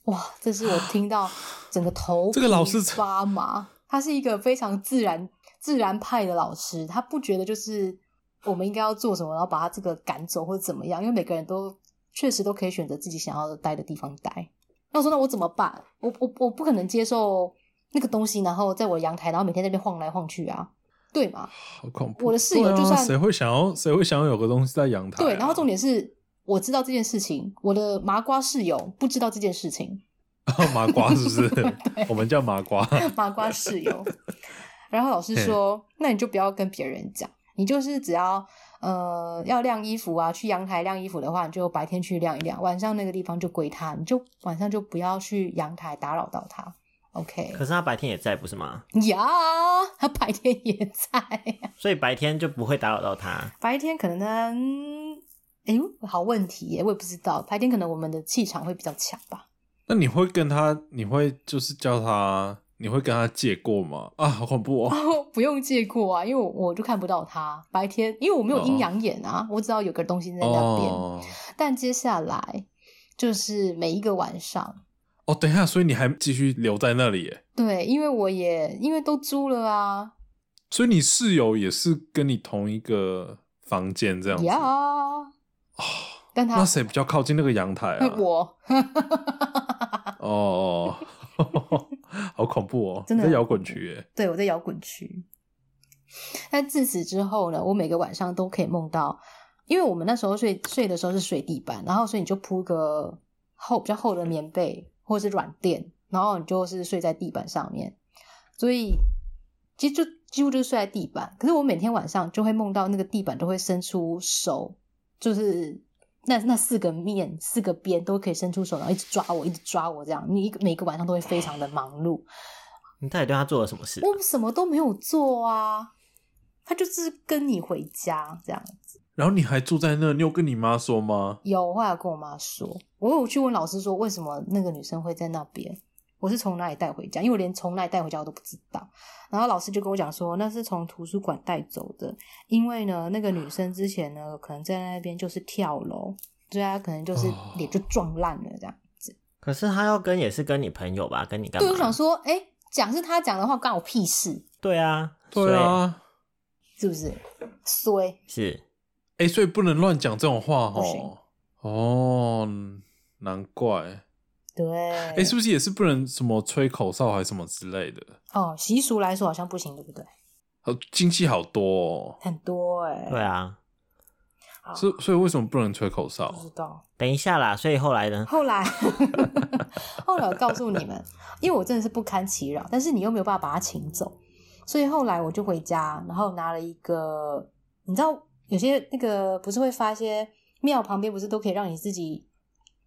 S3: 哇，這是我聽到整個頭皮這個老師，發麻。他是一個非常自然、自然派的老師，他不覺得就是我們應該要做什麼，然後把他這個趕走或者怎麼樣，因為每個人都確實都可以選擇自己想要的待的地方待。那我說，那我怎麼辦？我我我不可能接受那個東西，然後在我陽台，然後每天在那邊晃來晃去啊，對嗎？
S2: 好恐怖！我的室友就算、啊、誰會想要，誰會想要有個東西在陽台、啊？
S3: 對，然後重點是。我知道這件事情，我的麻瓜室友不知道這件事情。
S2: 麻瓜是不是？ 我們叫麻瓜，
S3: 麻瓜室友。然後老師說：“那你就不要跟別人講，你就是只要呃要晾衣服啊，去陽台晾衣服的話，你就白天去晾一晾，晚上那個地方就歸他，你就晚上就不要去陽台打擾到他。” OK。
S1: 可是他白天也在，不是嗎？
S3: 呀，yeah，他白天也在，
S1: 所以白天就不會打擾到他。
S3: 白天可能。哎呦，好問題耶！我也不知道，白天可能我們的氣場會比較強吧。
S2: 那你會跟他，你會就是叫他，你會跟他借過嗎？啊，好恐怖哦！哦，
S3: 不用借過啊，因為我，我就看不到他。白天，因為我沒有陰陽眼啊、哦。我知道有個東西在那邊、哦，但接下來就是每一個晚上
S2: 哦。等一下，所以你還繼續留在那裡耶？
S3: 對，因為我也因為都租了啊。
S2: 所以你室友也是跟你同一個房間這樣子。
S3: Yeah. 哦，但他那誰
S2: 比較靠近那個陽台啊？嗯、
S3: 我。
S2: 哦呵呵，好恐怖哦！真的？在搖滾區耶，
S3: 對，我在搖滾區。但自此之後呢，我每個晚上都可以夢到，因為我們那時候睡睡的時候是睡地板，然後所以你就鋪個厚比較厚的棉被或者是軟墊，然後你就是睡在地板上面，所以其實就幾乎就是睡在地板。可是我每天晚上就會夢到那個地板都會伸出手。就是那那四個面四個邊都可以伸出手，然後一直抓我，一直抓我，這樣你，一個每一個晚上都會非常的忙碌。
S1: 你到底對他做了什麼事啊？我
S3: 什麼都沒有做啊，他就是跟你回家這樣子。
S1: 然
S2: 後你還住在那，你有跟你媽說嗎？
S3: 有話跟我媽說，我有去問老師說為什麼那個女生會在那邊。我是從哪裡帶回家？因為我連從哪裡帶回家我都不知道。然後老師就跟我講說，那是從圖書館帶走的。因為呢，那個女生之前呢，可能在那邊就是跳樓，對啊，可能就是臉就撞爛了這樣子。
S1: 可是她要跟也是跟你朋友吧，跟你幹嘛？對，我想
S3: 說，欸，講是他講的話，關我屁事。對啊，對啊，是不是？所以
S1: 是欸，
S2: 所以不能亂講這種話哦行哦，難怪。
S3: 對，哎、欸，
S2: 是不是也是不能什麼吹口哨還是什麼之類的？
S3: 哦，習俗來說好像不行，對不對？
S2: 好，禁忌好多、哦，
S3: 很多哎、欸。對啊，
S2: 好，
S1: 所以所以為什麼不能吹口哨？不知道。等一下啦，所以後來呢？
S3: 後來， 後來我告訴你們，因為我真的是不堪其擾，但是你又沒有辦法把它請走，所以後來我就回家，然後拿了一個，你知道有些那個不是會發些廟旁邊不是都可以讓你自己。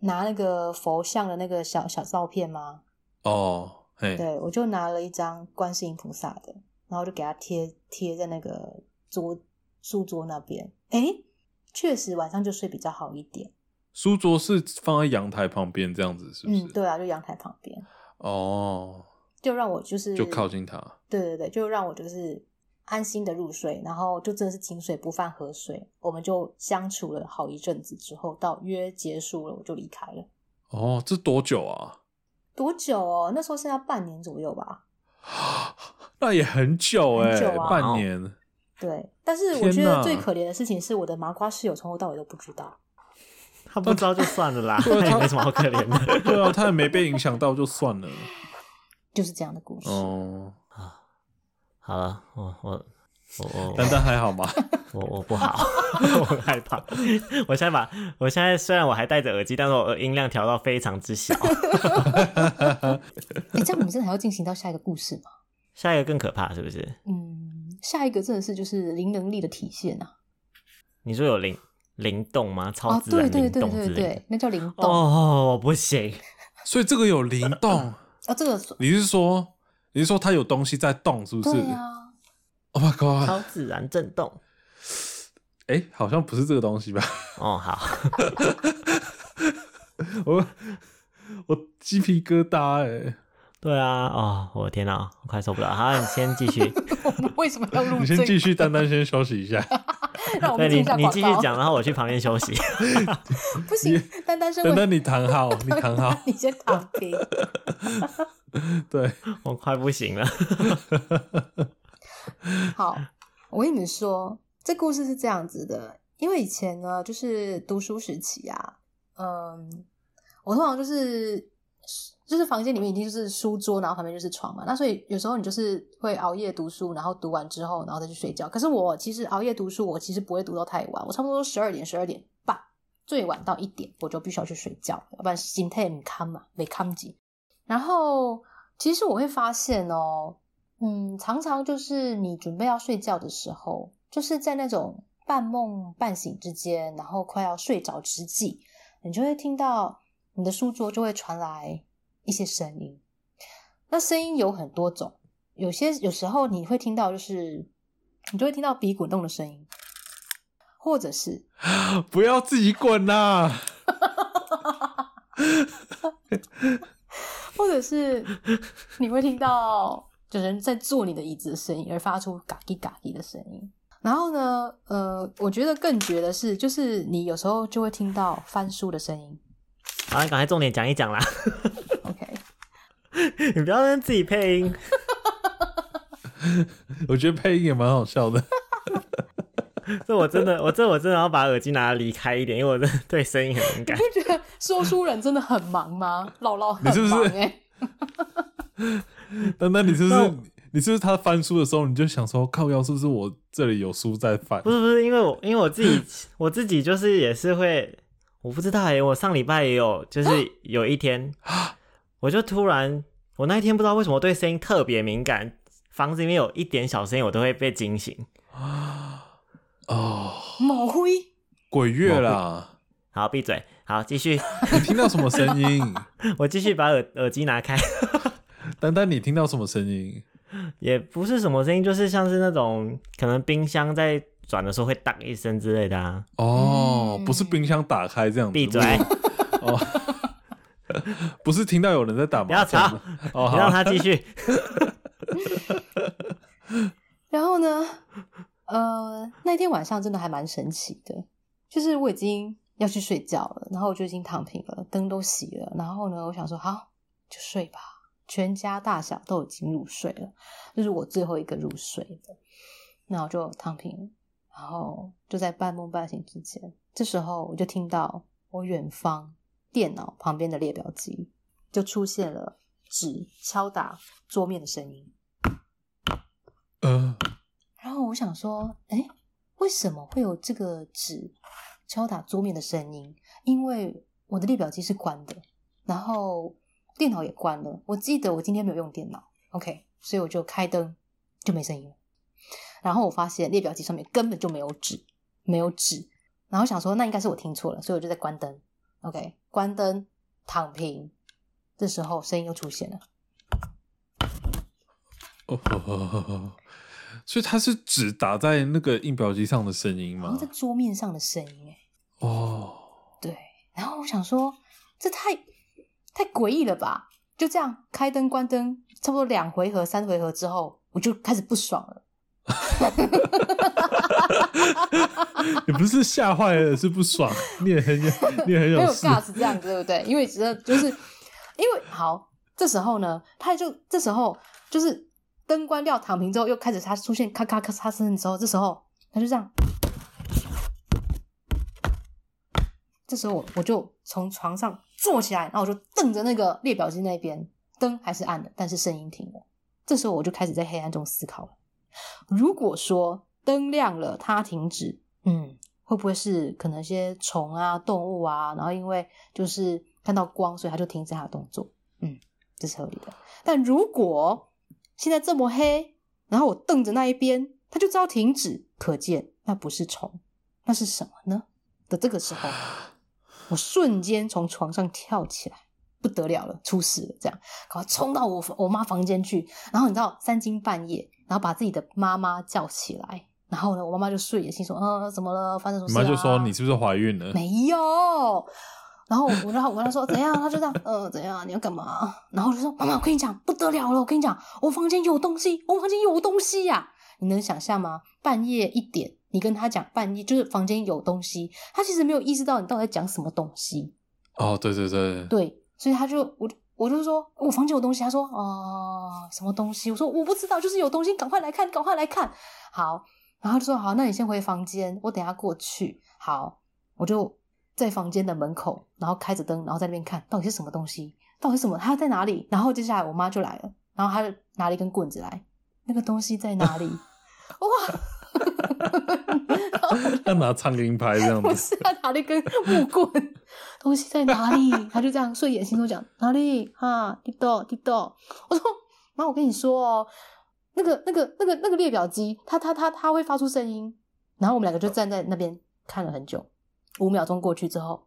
S3: 拿那個佛像的那個小小照片嗎？
S2: 哦、oh, hey.，對，
S3: 我就拿了一張觀世音菩薩的，然後就給它貼貼在那個桌書桌那邊。誒，確實晚上就睡比較好一
S2: 點。書桌是放在陽台旁邊這樣子，是
S3: 不是？嗯，對啊，就陽台旁邊。哦、oh,，就讓我就是就靠近他。對對對，就讓我就是。安心的入睡，然後就真的是井水不犯河水，我們就相處了好一陣子之後，到約結束了，我就離開了。
S2: 哦，這多久啊？
S3: 多久哦？那時候剩下半年左右吧？
S2: 那也很久哎、很久啊，半年、哦。
S3: 對，但是我覺得最可憐的事情是我的麻瓜室友從頭到尾都不知道、啊。他
S2: 不知道就算了啦， 他也沒什麼好可憐的。 對啊，他也沒被影響到就算了。
S3: 就是這樣的故事哦。
S1: 嗯好了，我我我，等等還好嗎？ 我我不好， 啊、 我很害怕。我現在把我現在雖然我還戴着耳機，但是我音量調到非常之小。
S3: 你、 欸、這樣我們真的還要進行到下一個故事
S1: 嗎？下一個更可怕是不是？
S3: 嗯，下一個真的是就是靈能力的體現啊。
S1: 你說有靈靈動嗎？超自然靈動之類、啊、對對對對，那叫靈動哦，我不行。
S2: 所以這個有靈動、呃呃呃、啊？這個你是說？你是說它有東西在動，是不是？對啊。Oh my god！超
S1: 自然震動。
S2: 哎、欸，好像不是
S1: 這個東西吧？哦，好。 我我雞皮疙瘩哎、欸。對啊，哦，我的天吶，我快受不了！好，你先繼續。
S3: 為什麼要錄？你先繼續，
S1: 丹丹先休息一下。那
S3: 我們對你，你繼續講，
S1: 然後我去旁邊休息。 不行，
S3: 丹丹是。等等，丹丹
S1: 你躺好，你躺好，你
S3: 先躺平。
S1: 對， 我快不行了。
S3: 好，我跟你們說，這故事是這樣子的。因為以前呢，就是讀書時期啊，嗯，我通常就是。就是房間裡面一定就是書桌，然後旁邊就是床嘛。那所以有時候你就是會熬夜讀書，然後讀完之後，然後再去睡覺。可是我其實熬夜讀書，我其實不會讀到太晚，我差不多十二點、十二點半，最晚到一點，我就必須要去睡覺，要不然心態不康嘛，沒康。然後其實我會發現哦，嗯，常常就是你準備要睡覺的時候，就是在那種半夢半醒之間，然後快要睡着之際，你就會聽到你的書桌就會傳來。一些聲音，那聲音有很多種，有些有時候你會聽到，就是你就會聽到筆滾動的聲音，或者是
S2: 不要自己滾吶、
S3: 啊， 或者是你會聽到有人在坐你的椅子的聲音，而發出嘎吱嘎吱的聲音。然後呢，呃，我覺得更絕的是，就是你有時候就會聽到翻書的聲音。
S1: 好，像剛才重點講一講啦。
S3: 你不要跟自己配音，
S2: 我覺得配音也蠻好笑的。
S1: 這我真的，我這我真的要把耳機拿離開一點，因為我真的對聲音很敏感。 你
S3: 是不是 說書人真的很忙嗎？姥姥很忙、欸、 等等你是不是？
S1: 但 那你是不是你是不是他翻書的時候你就想說 靠腰是不是我這裡有書在翻？不是不是，因為我因為我自己 我自己就是也是會我不知道哎、欸，我上禮拜也有就是有一天 我就突然，我那一天不知道為什麼對聲音特別敏感，房子裡面有一點小聲音我都會被驚醒啊！
S3: 哦，毛灰
S1: 鬼月啦，好閉嘴，好繼續。你聽到什麼聲音？ 我繼續把耳耳機拿開。丹丹，你聽到什麼聲音？也不是什麼聲音，就是像是那種可能冰箱在轉的時候會當一聲之類的啊。哦，不是冰箱打開這樣子。閉嘴。 哦。
S2: 不是聽到有人在打麻將，不要吵，oh, 讓他繼續。
S3: 然後呢，呃，那天晚上真的還蠻神奇的，就是我已經要去睡覺了，然後我就已經躺平了，燈都熄了。然後呢，我想說，好，就睡吧，全家大小都已經入睡了，就是我最後一個入睡的。然後就躺平，然後就在半夢半醒之間，這時候我就聽到我遠方。電腦旁邊的列表機就出現了紙敲打桌面的聲音。嗯，然後我想說，哎，為什麼會有這個紙敲打桌面的聲音？因為我的列表機是關的，然後電腦也關了。我記得我今天沒有用電腦，OK，所以我就開燈就沒聲音了。然後我發現列表機上面根本就沒有紙，沒有紙。然後想說，那應該是我聽錯了，所以我就在關燈。OK，關燈，躺平，這時候聲音又出現了。
S2: 哦、oh, oh,，oh, oh, oh. 所以它是只打在那個印表機上的聲音嗎？好像
S3: 在桌面上的聲音哎。哦、oh.，對。然後我想說，這太太詭異了吧？就這樣，開燈、關燈，差不多兩回合、三回合之後，我就開始不爽了。
S2: 也 不是嚇壞了， 是不爽？ 你，也很 你也很有，你很有事。 沒有，剛好是
S3: 這樣，對不對？因為其實就是 因為好，這時候呢，他就這時候就是燈關掉，躺平之後，又開始他出現咔咔咔嚓聲之後，這時候他就這樣。這時候我我就從床上坐起來，然後我就瞪着那個列表機那邊，燈還是暗的，但是聲音停了。這時候我就開始在黑暗中思考了。如果說燈亮了，它停止，嗯，會不會是可能一些蟲啊、動物啊，然後因為就是看到光，所以它就停止它的動作，嗯，這是合理的。但如果現在這麼黑，然後我瞪着那一邊，它就知道停止，可見那不是蟲，那是什麼呢？的這個時候，我瞬間從床上跳起來，不得了了，出事了，這樣，然後衝到我我媽房間去，然後你知道三更半夜。然後把自己的媽媽叫起來，然後呢，我媽媽就睡眼惺忪，嗯，怎麼了？發生什麼事？媽媽就說：“
S2: 你是不是懷孕了？”沒
S3: 有。然後我，然 後我跟她說：“怎樣？”她就這樣。呃，嗯，怎樣？你要幹嘛？然後我就說：“媽媽，我跟你講不得了了，我跟你講，我房間有東西，我房間有東西呀、啊！你能想象嗎？半夜一點，你跟她講半夜就是房間有東西，她其實沒有意識到你到底在講什麼東西。”
S2: 哦，對對對，
S3: 對，所以她就我就。我就說，我房間有東西。他說，哦，什麼東西？我說我不知道，就是有東西，趕快來看，趕快來看。好，然後他就說好，那你先回房間，我等下過去。好，我就在房間的門口，然後開着燈，然後在那邊看，到底是什麼東西，到底是什麼，它在哪裡？然後接下來我媽就來了，然後她拿了一根棍子來，那個東西在哪裡？ 哇！
S2: 他拿蒼蠅拍這樣，不
S3: 是他拿了一根木棍。東西在哪裡？他就這樣睡眼惺忪講，哪裡哈，滴到滴到！我說，媽，我跟你說哦、喔，那個那個那個那個列表機，它它它它會發出聲音。然後我們兩個就站在那邊看了很久。五秒鐘過去之後，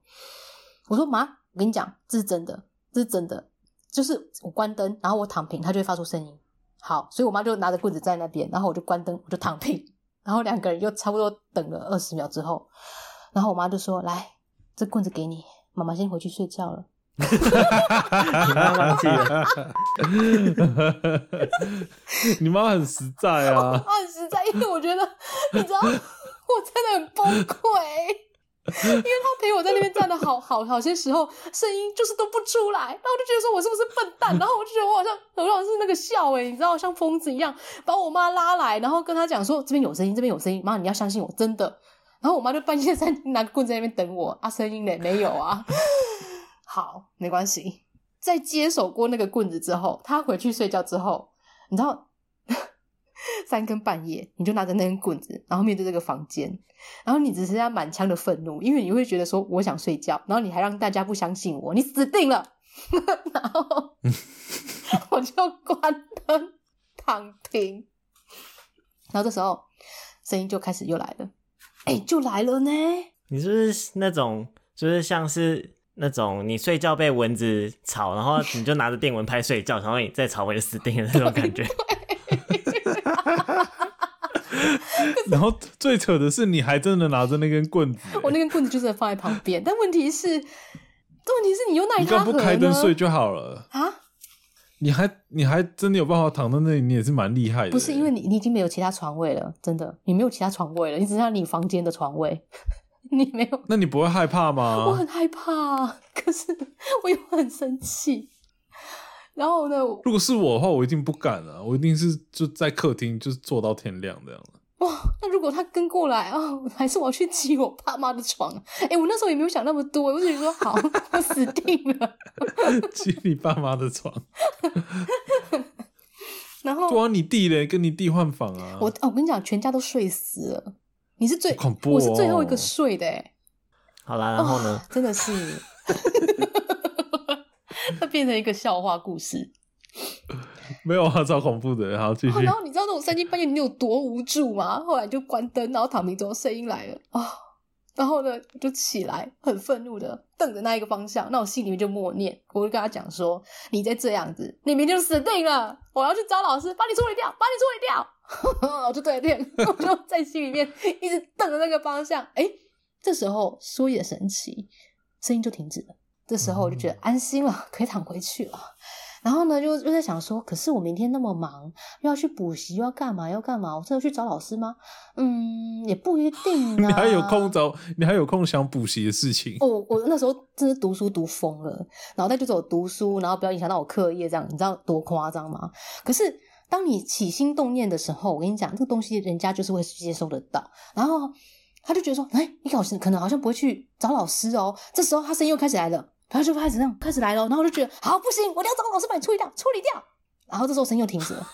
S3: 我說，媽，我跟你講，這是真的，這是真的，就是我關燈，然後我躺平，它就會發出聲音。好，所以我媽就拿着棍子在那邊，然後我就關燈，我就躺平。然後兩個人就差不多等了二十秒之後，然後我媽就說：“來，這棍子給你，媽媽先回去睡覺了。 你媽媽氣
S2: 了” 你媽媽很實在
S3: 啊，我很實在，因為我覺得你知道，我真的很崩潰。 因為他陪我在那邊站的好好好些時候，聲音就是都不出來，然後我就覺得說我是不是笨蛋？然後我就覺得我好像我好像是那個笑誒、欸、你知道像瘋子一樣把我媽拉來，然後跟他講說這邊有聲音，這邊有聲音，媽你要相信我真的。然後我媽就半夜三拿個棍子在那邊等我啊，聲音呢沒有啊，好沒關係。在接手過那個棍子之後，他回去睡覺之後，你知道。三更半夜，你就拿着那根棍子，然後面對這個房間，然後你只剩下滿腔的憤怒，因為你會覺得說我想睡覺，然後你還讓大家不相信我，你死定了。 然後 我就關燈躺平，然後這時候聲音就開始又來了，哎，就來了呢。你
S1: 是不是那種就是像是那種你睡覺被蚊子吵，然後你就拿着電蚊拍睡覺， 然後你再吵我就死定了那種感覺？
S2: 然後最扯的是，你還真的拿着那根棍子、欸。
S3: 我那根棍子就是放在旁邊，但問題是，問題是你一，你用奶你殼不開燈睡
S2: 就好了啊！你還你還真的有辦法躺在那裡，你也是蠻厲害的、欸。不是
S3: 因為你，你已經沒有其他床位了，真的，你沒有其他床位了，你只剩下你房間的床位， 你沒
S2: 有。那你不會害怕嗎？我很
S3: 害怕，可是我又很生氣。然後呢？
S2: 如果是我的話，我一定不敢了。我一定是就在客廳，就是坐到天亮這樣的。
S3: 哇，那如果他跟過來啊、哦，還是我要去擠我爸媽的床？哎、欸，我那時候也沒有想那麼多，我就說好， 我死定了，
S2: 擠你爸媽的床。
S3: 然後對
S2: 啊，你弟嘞，跟你弟換
S1: 房啊。我、
S3: 哦、我跟你講，全家都睡死了，你是最，恐怖、哦。我是最後一個睡的。
S1: 好啦，然後呢？哦、
S3: 真的是。 它變成一個笑話故事，
S2: 沒有啊，超恐怖的，好繼續、哦、然後
S3: 你知道那種三更半夜你有多無助嗎？ 後來就關燈，然後躺平，之後聲音來了、哦、然後呢就起來，很憤怒的瞪着那一個方向。那我心裡面就默念，我就跟他講說：“你再這樣子，你明天就死定了！我要去找老師，把你處理掉，把你處理掉。 ”我就對電，我就在心裡面 一直瞪着那個方向。哎、欸，這時候說也神奇，聲音就停止了。這時候我就覺得安心了，可以躺回去了。然後呢，又又在想說，可是我明天那麼忙，又要去補習，又要幹嘛？又要幹嘛？我真的去找老師嗎？嗯，也不一定啊。你還有空
S2: 找？你還有空想補習的事情？
S3: 哦，我那時候真是讀書讀瘋了，然後那就走我讀書，然後不要影響到我課業，這樣你知道多誇張嗎？可是當你起心動念的時候，我跟你講，這個東西人家就是會接受得到。然後他就覺得說，哎，你好像可能好像不會去找老師哦。這時候他聲音又開始來了。然後就開始這樣開始來了，然後我就覺得好不行，我要找老師把你處理掉，處理掉。然後這時候聲音又停止了，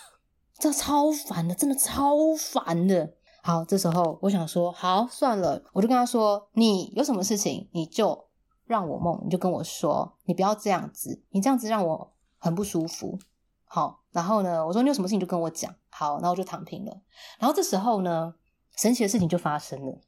S3: 真 的超煩的，真的超煩的。好，這時候我想說，好算了，我就跟他說：“你有什麼事情，你就讓我夢，你就跟我說，你不要這樣子，你這樣子讓我很不舒服。”好，然後呢，我說你有什麼事情就跟我講。好，然後我就躺平了。然後這時候呢，神奇的事情就發生了，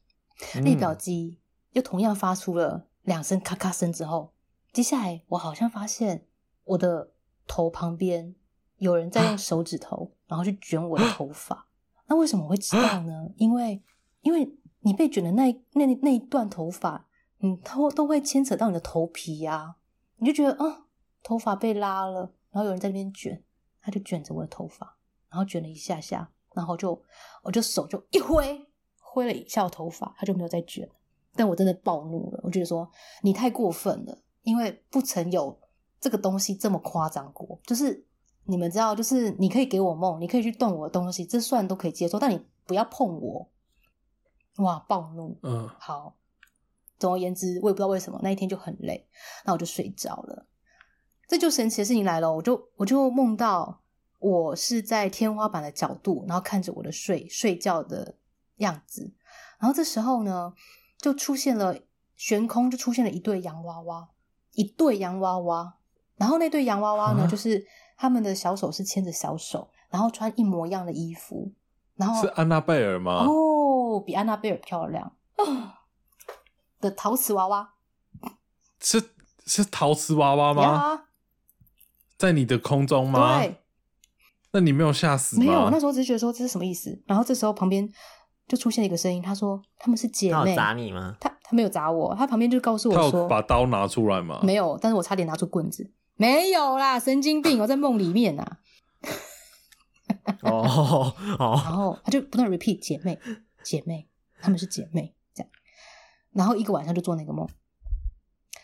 S3: 嗯、列表機又同樣發出了兩聲咔咔聲之後。接下來，我好像發現我的頭旁邊有人在用手指頭、啊，然後去捲我的頭髮。那為什麼我會知道呢？因為，因為你被捲的那那那一段頭髮，嗯，它會都會牽扯到你的頭皮呀、啊。你就覺得，啊，頭髮被拉了，然後有人在那邊捲，他就捲着我的頭髮，然後捲了一下下，然後就我就手就一揮，揮了一下我頭髮，他就沒有再捲。但我真的暴怒了，我就說，你太過分了。因為不曾有這個東西這麼誇張過，就是你們知道，就是你可以給我夢，你可以去動我的東西，這算都可以接受，但你不要碰我，哇！暴怒，嗯，好。總而言之，我也不知道為什麼那一天就很累，那我就睡着了。這就神奇的事情來了，我就我就夢到我是在天花板的角度，然後看着我的睡睡覺的樣子，然後這時候呢，就出現了懸空，就出現了一對洋娃娃。一對洋娃娃，然後那對洋娃娃呢，就是他們的小手是牽着小手，然後穿一模一樣的衣服，然後是
S2: 安娜貝爾嗎？哦，
S3: 比安娜貝爾漂亮，哦、的陶瓷娃娃，
S2: 是，是陶瓷娃娃嗎
S3: ？Yeah?
S2: 在你的空中嗎？對，那你沒有嚇死嗎？沒有，那
S3: 時候只是覺得說，這是什麼意思，然後這時候旁邊就出現了一個聲音，他說他們是姐妹，好砸你嗎？他。他沒有砸我，他旁邊就告訴我說：“我把
S2: 刀拿出來嘛。”
S3: 沒有，但是我差點拿出棍子。沒有啦，神經病！ 我在夢裡面啊。哦哦。然後他就不斷 repeat：“ 姐妹，姐妹，他們是姐妹。”這樣。然後一個晚上就做那個夢。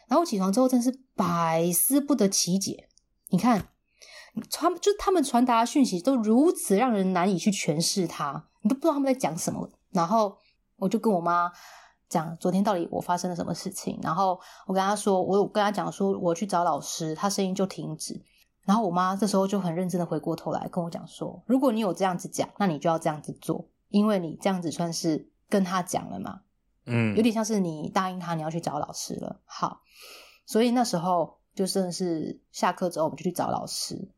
S3: 然後起床之後真是百思不得其解。你看，他們就是、他們傳達的訊息都如此讓人難以去詮釋他，你都不知道他們在講什麼。然後我就跟我媽。講昨天到底我發生了什麼事情？然後我跟他說，我有跟他講說我去找老師，他聲音就停止。然後我媽這時候就很認真的回過頭來跟我講說：“如果你有這樣子講，那你就要這樣子做，因為你這樣子算是跟他講了嘛，嗯，有點像是你答應他你要去找老師了。”好，所以那時候就算是下課之後我們就去找老師。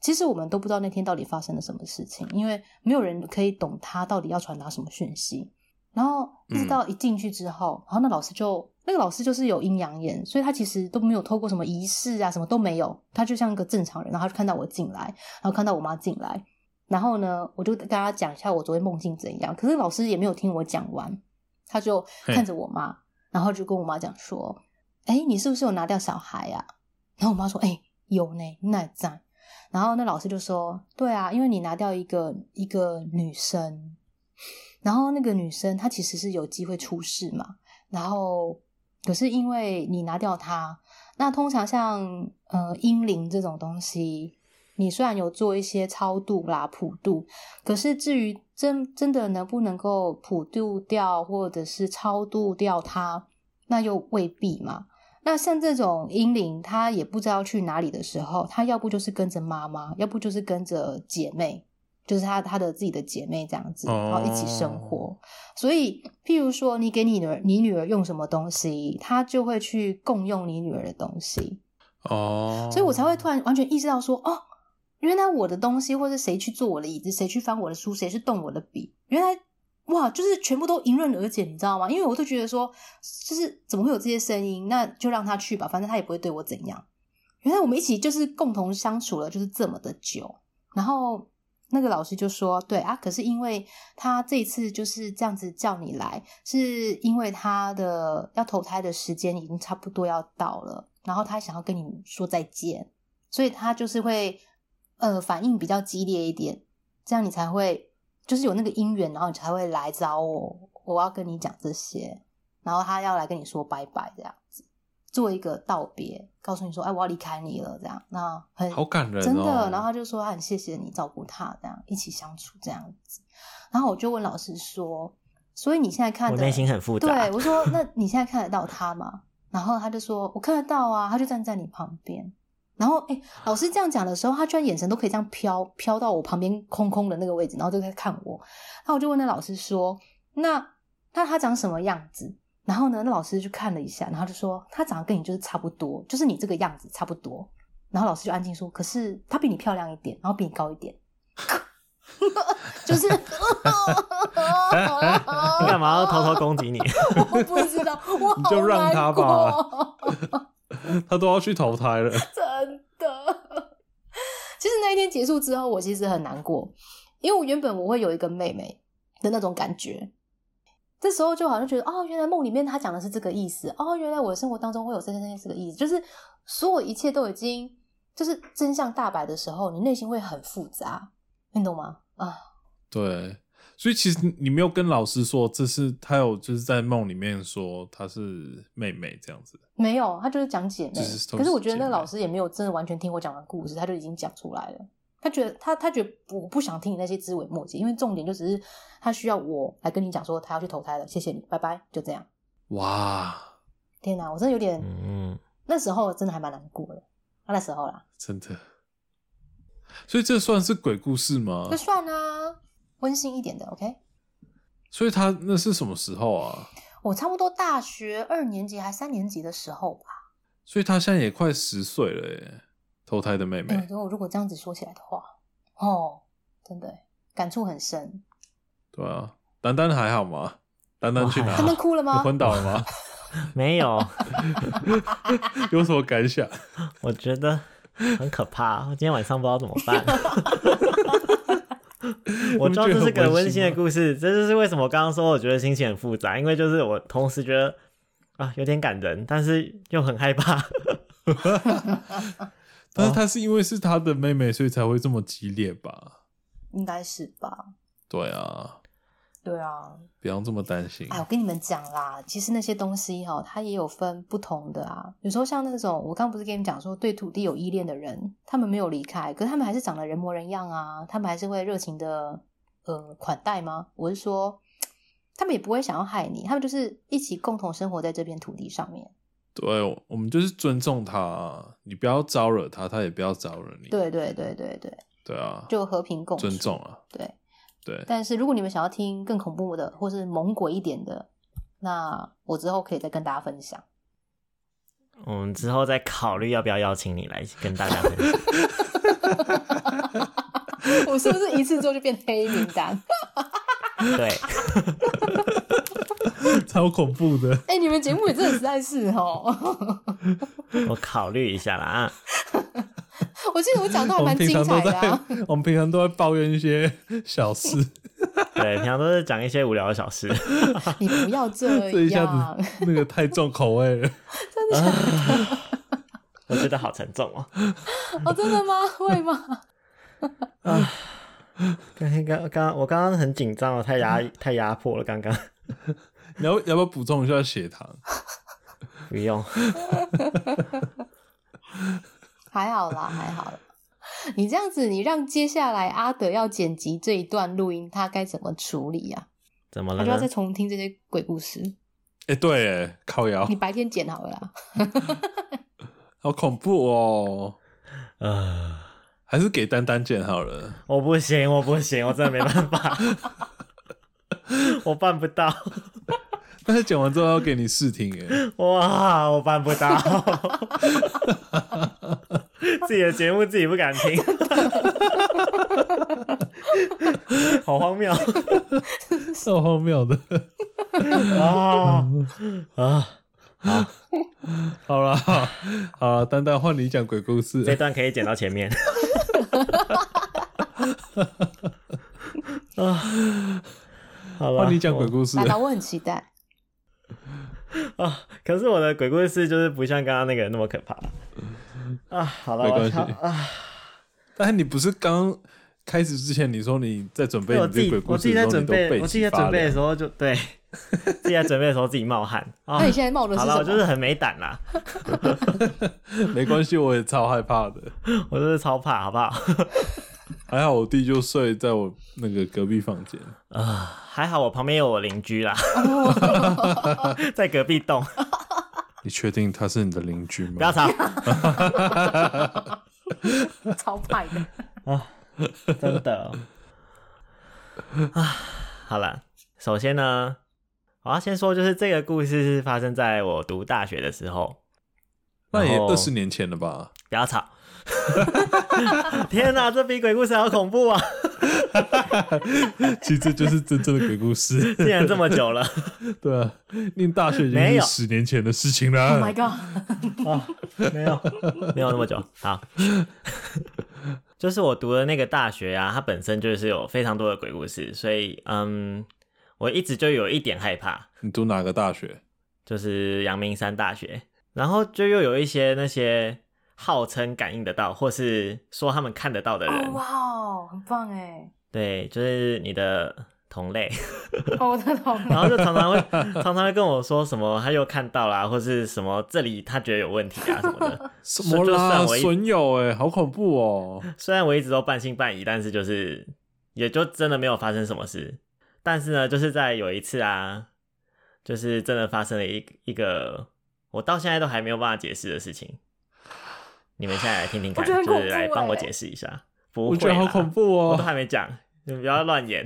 S3: 其實我們都不知道那天到底發生了什麼事情，因為沒有人可以懂他到底要傳達什麼訊息。然後，一直到一進去之後，嗯、然後那老師就那個老師就是有陰陽眼，所以他其實都沒有透過什麼儀式啊，什麼都沒有，他就像一個正常人。然後他就看到我進來，然後看到我媽進來，然後呢，我就跟他講一下我昨天夢境怎樣。可是老師也沒有聽我講完，他就看着我媽，然後就跟我媽講說：“哎，你是不是有拿掉小孩啊？”然後我媽說：“哎，有呢，那贊。”然後那老師就說：“對啊，因為你拿掉一個一個女生。”然後那個女生她其實是有機會出世嘛，然後可是因為你拿掉她，那通常像呃嬰靈這種東西，你雖然有做一些超度啦普度，可是至於真真的能不能夠普度掉或者是超度掉她，那又未必嘛。那像這種嬰靈，她也不知道去哪裡的時候，她要不就是跟着媽媽，要不就是跟着姐妹。就是她她的自己的姐妹這樣子，然後一起生活。Oh. 所以，譬如說，你給你女兒你女兒用什麼東西，她就會去共用你女兒的東西。哦，oh，所以我才會突然完全意識到說，哦，原來我的東西，或是誰去坐我的椅子，誰去翻我的書，誰去動我的筆，原來哇，就是全部都迎刃而解，你知道嗎？因為我都覺得說，就是怎麼會有這些聲音？那就讓她去吧，反正她也不會對我怎樣。原來我們一起就是共同相處了，就是這麼的久，然後。那個老師就說：“對啊，可是因為他這一次就是這樣子叫你來，是因為他的要投胎的時間已經差不多要到了，然後他想要跟你說再見，所以他就是會，呃，反應比較激烈一點，這樣你才會就是有那個因緣，然後你才會來找我，我要跟你講這些，然後他要來跟你說拜拜這樣。”做一個道別，告訴你說：“哎，我要離開你了。”這樣，那
S2: 很好感人，哦，真的。然後
S3: 他就說：“他很謝謝你照顧他，這樣一起相處，這樣子。”然後我就問老師說：“所以你現在看的，我內心很複雜。”對，我說：“那你現在看得到他嗎？” 然後他就說：“我看得到啊，他就站在你旁邊。”然後，哎，欸，老師這樣講的時候，他居然眼神都可以這樣飄飄到我旁邊空空的那個位置，然後就在看我。那我就問那老師說：“那那他長什麼樣子？”然後呢，那老師去看了一下，然後就說他長得跟你就是差不多，就是你這個樣子差不多。然後老師就安靜說：“可是他比你漂亮一點，然後比你高一點。”就
S1: 是你幹嘛要偷偷攻擊你？ 我
S2: 不知道，我好 你就讓他吧， 他都要去投胎了。
S3: 真的。 其實那一天結束之後，我其實很難過，因為我原本我會有一個妹妹的那種感覺。這時候就好像覺得哦，原來夢裡面他講的是這個意思哦，原來我的生活當中會有這、些這、這個意思，就是所有一切都已經就是真相大白的時候，你內心會很複雜，你懂嗎？啊，
S2: 對，所以其實你沒有跟老師說，這是他有就是在夢裡面說他是妹妹這樣子
S3: 的？沒有，他就是講姐妹，是是姐妹。可是我覺得那個老師也沒有真的完全聽我講完故事，他就已經講出來了。他覺得他他覺得我不想聽你那些枝微末節，因為重點就只是他需要我來跟你講說他要去投胎了，謝謝你，拜拜，就這樣。哇！天哪，我真的有點……嗯，那時候真的還蠻難過的。啊，那時候啦，
S2: 真的。所以這算是鬼故事嗎？這
S3: 算啊，溫馨一點的，OK。
S2: 所以他那是什麼時候啊？
S3: 我差不多大學二年級還三年級的時候吧。
S2: 所以他現在也快十歲了，耶。投胎的妹妹。
S3: 對、欸，如果如果這樣子說起來的話，哦，真的感觸很深。
S2: 對啊，丹丹還好嗎？丹丹去哪？他們哭了嗎？昏倒了嗎？
S1: 沒有。 有什麼感想？我覺得很可怕。今天晚上不知道怎麼辦。 我知道這個溫馨的故事， 這就是為什麼剛剛說我覺得心情很複雜，因為就是我同時覺得啊、呃、有點感人，但是又很害怕。 但是他
S2: 是因為是他的妹妹，所以才會這麼激烈吧？
S3: 應該是吧。
S2: 對啊，
S3: 對啊，
S2: 不要這麼擔心。哎、啊，
S3: 我跟你們講啦，其實那些東西哈、喔，他也有分不同的啊。有時候像那種，我剛不是跟你們講說，對土地有依戀的人，他們沒有離開，可是他們還是長得人模人樣啊，他們還是會熱情的呃款待嗎？我是說，他們也不會想要害你，他們就是一起共同生活在這片土地上面。
S2: 對，我們就是尊重他，你不要招惹他，他也不要招惹你。
S3: 對對對對對，
S2: 對啊，就
S3: 和平共尊重啊。對對，對，但是如果你們想要聽更恐怖的，或是猛鬼一點的，那我之後可以再跟大家分享。
S1: 我們之後再考慮要不要邀請你來跟大家分享。
S3: 我是不是一次做就變黑名單？
S1: 對。超恐怖的！
S3: 哎、欸，你們節目也真的實在是哦。
S1: 我考慮一下啦，啊
S3: 我記得我講到還蠻精彩的、啊。
S1: 我們平常都會抱怨一些小事， 對，平常都是講一些無聊的小事。
S3: 你不要這樣這一下子，
S1: 那個太重口味了。 真的，假的？ 我覺得好沉重哦、
S3: 喔。 哦，真的嗎？會嗎？
S1: 啊！剛剛我剛剛很緊張哦，太壓太壓迫了剛剛，剛剛。你
S2: 要要不要補充一下血糖？
S1: 不用，
S3: 還好啦，還好啦。你這樣子，你讓接下來阿德要剪輯這一段錄音，他該怎麼處理呀、啊？
S2: 怎麼了？他就要再
S3: 重聽這些鬼故事？
S2: 哎、欸，對，靠腰。你
S3: 白天剪好了啦。
S2: 好恐怖哦！啊、呃，還是給丹丹剪好了。我不行，我不行，我真的沒辦法。
S1: 我辦不到，
S2: 但是講完之後要給你試聽耶、
S1: 欸！哇，我辦不到， 自己的節目自己不敢聽， 好荒謬謬，夠 荒謬的啊啊，啊！好了，好了，丹丹換你講鬼故事，這段可以剪到前面
S3: 啊
S1: 幫你講鬼故事，好了，我，
S3: 我很期待、哦、
S1: 可是我的鬼故事就是不像剛剛那個那麼可怕、嗯、
S3: 啊！
S1: 好了，沒關係啊！
S2: 但是你不是剛開始之前你說你在準備我自己，我自己
S3: 在準備，我自己在準備的時
S1: 候就對， 自己在準備的時候自己冒汗。那你現
S3: 在冒的時候？好了， 我就
S1: 是很沒膽啦。 沒關係，我也超害怕的，
S2: 我
S1: 就是超怕，好不好？ 還好我弟就睡在我那個隔壁房間啊、呃，還好我旁邊有我鄰居啦， 在隔壁棟。
S2: 你確定他是你的鄰居嗎？不要吵！
S1: 超派的啊、哦，真的、哦、 啊。好了，首先呢，我要先說，就是這個故事是發生在我讀大學的時候，那也二十年前了吧？不要吵。 天哪，這比鬼故事還好恐怖啊！ 其實這
S2: 就是真正的鬼故事。 竟然這麼久了？ 對、啊，
S1: 念大學已經是十
S2: 年前的事情了、啊。Oh my god！ 啊、沒
S1: 有沒有那麼久。好， 就是我讀的那個大學啊，它本身就是有非常多的鬼故事，所以嗯，我一直就有一點害怕。你讀哪個大學？就是陽明山大學，然後就又有一些那些。號稱感應得到，或是說他們看得到的人，
S3: 哇，oh, wow, 很棒哎！
S1: 對，就是你的同類， 、
S3: oh, 同類。然後就常
S1: 常會 常常會跟我說什麼，他又看到了啊，或是什麼這裡他覺得有問題啊什麼的。什麼啦？損友哎，好恐怖哦！雖然我一直都半信半疑，但是就是也就真的沒有發生什麼事。但是呢，就是在有一次啊，就是真的發生了一一個我到現在都還沒有辦法解釋的事情。你們現在來聽聽看，我覺得欸、就是來幫我解釋一下。我覺得好恐怖哦、欸！我都還沒講，你 們不要亂演。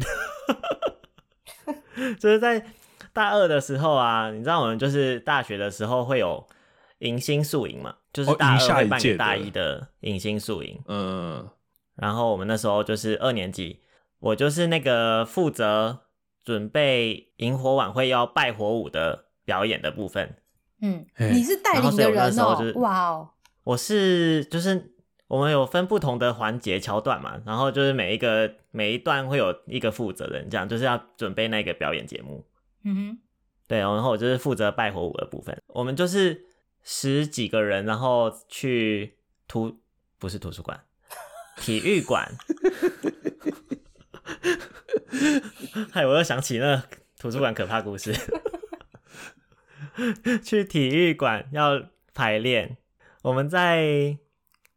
S1: 就是在大二的時候啊，你知道我們就是大學的時候會有迎新宿營嘛，就是大二會辦給大一的迎新宿營。嗯、哦、然後我們那時候就是二年級，我就是那個負責準備營火晚會要拜火舞的表演的部分。
S3: 嗯，你、就是帶領一個人哦？哇哦！
S1: 我是就是我們有分不同的環節橋段嘛，然後就是每一個每一段會有一個負責人，這樣就是要準備那個表演節目。嗯哼，對，然後我就是負責拜火舞的部分。我們就是十幾個人，然後去圖不是圖書館，體育館。嗨，我又想起那個圖書館可怕故事。 去體育館要排練。我們在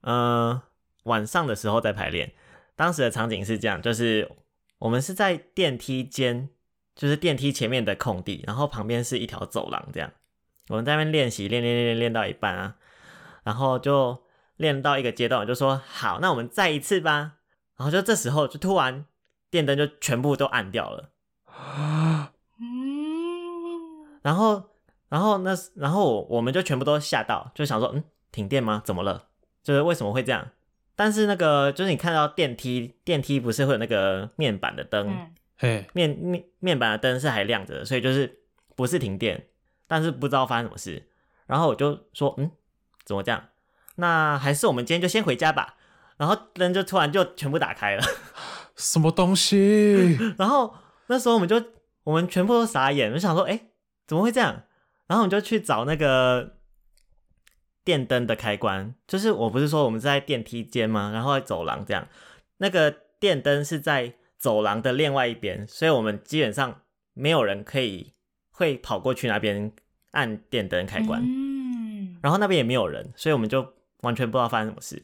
S1: 呃晚上的時候在排練，當時的場景是這樣，就是我們是在電梯間，就是電梯前面的空地，然後旁邊是一條走廊，這樣我們在那邊練習，練練練，練練練練練到一半啊，然後就練到一個階段，我就說好，那我們再一次吧，然後就這時候就突然電燈就全部都暗掉了，嗯，然後然後那然後我我們就全部都嚇到，就想說嗯。停電嗎？怎麼了？就是為什麼會這樣？但是那個就是你看到電梯，電梯不是會有那個面板的燈，嘿、嗯，面面面板的燈是還亮着，所以就是不是停電，但是不知道發生什麼事。然後我就說，嗯，怎麼這樣？那還是我們今天就先回家吧。然後燈就突然就全部打開了，什麼東西？ 然後那時候我們就我們全部都傻眼，我就想說，哎、欸，怎麼會這樣？然後我們就去找那個。電燈的開關就是，我不是說我們是在電梯間嗎？然後在走廊這樣，那個電燈是在走廊的另外一邊，所以我們基本上沒有人可以會跑過去那邊按電燈開關。嗯，然後那邊也沒有人，所以我們就完全不知道發生什麼事，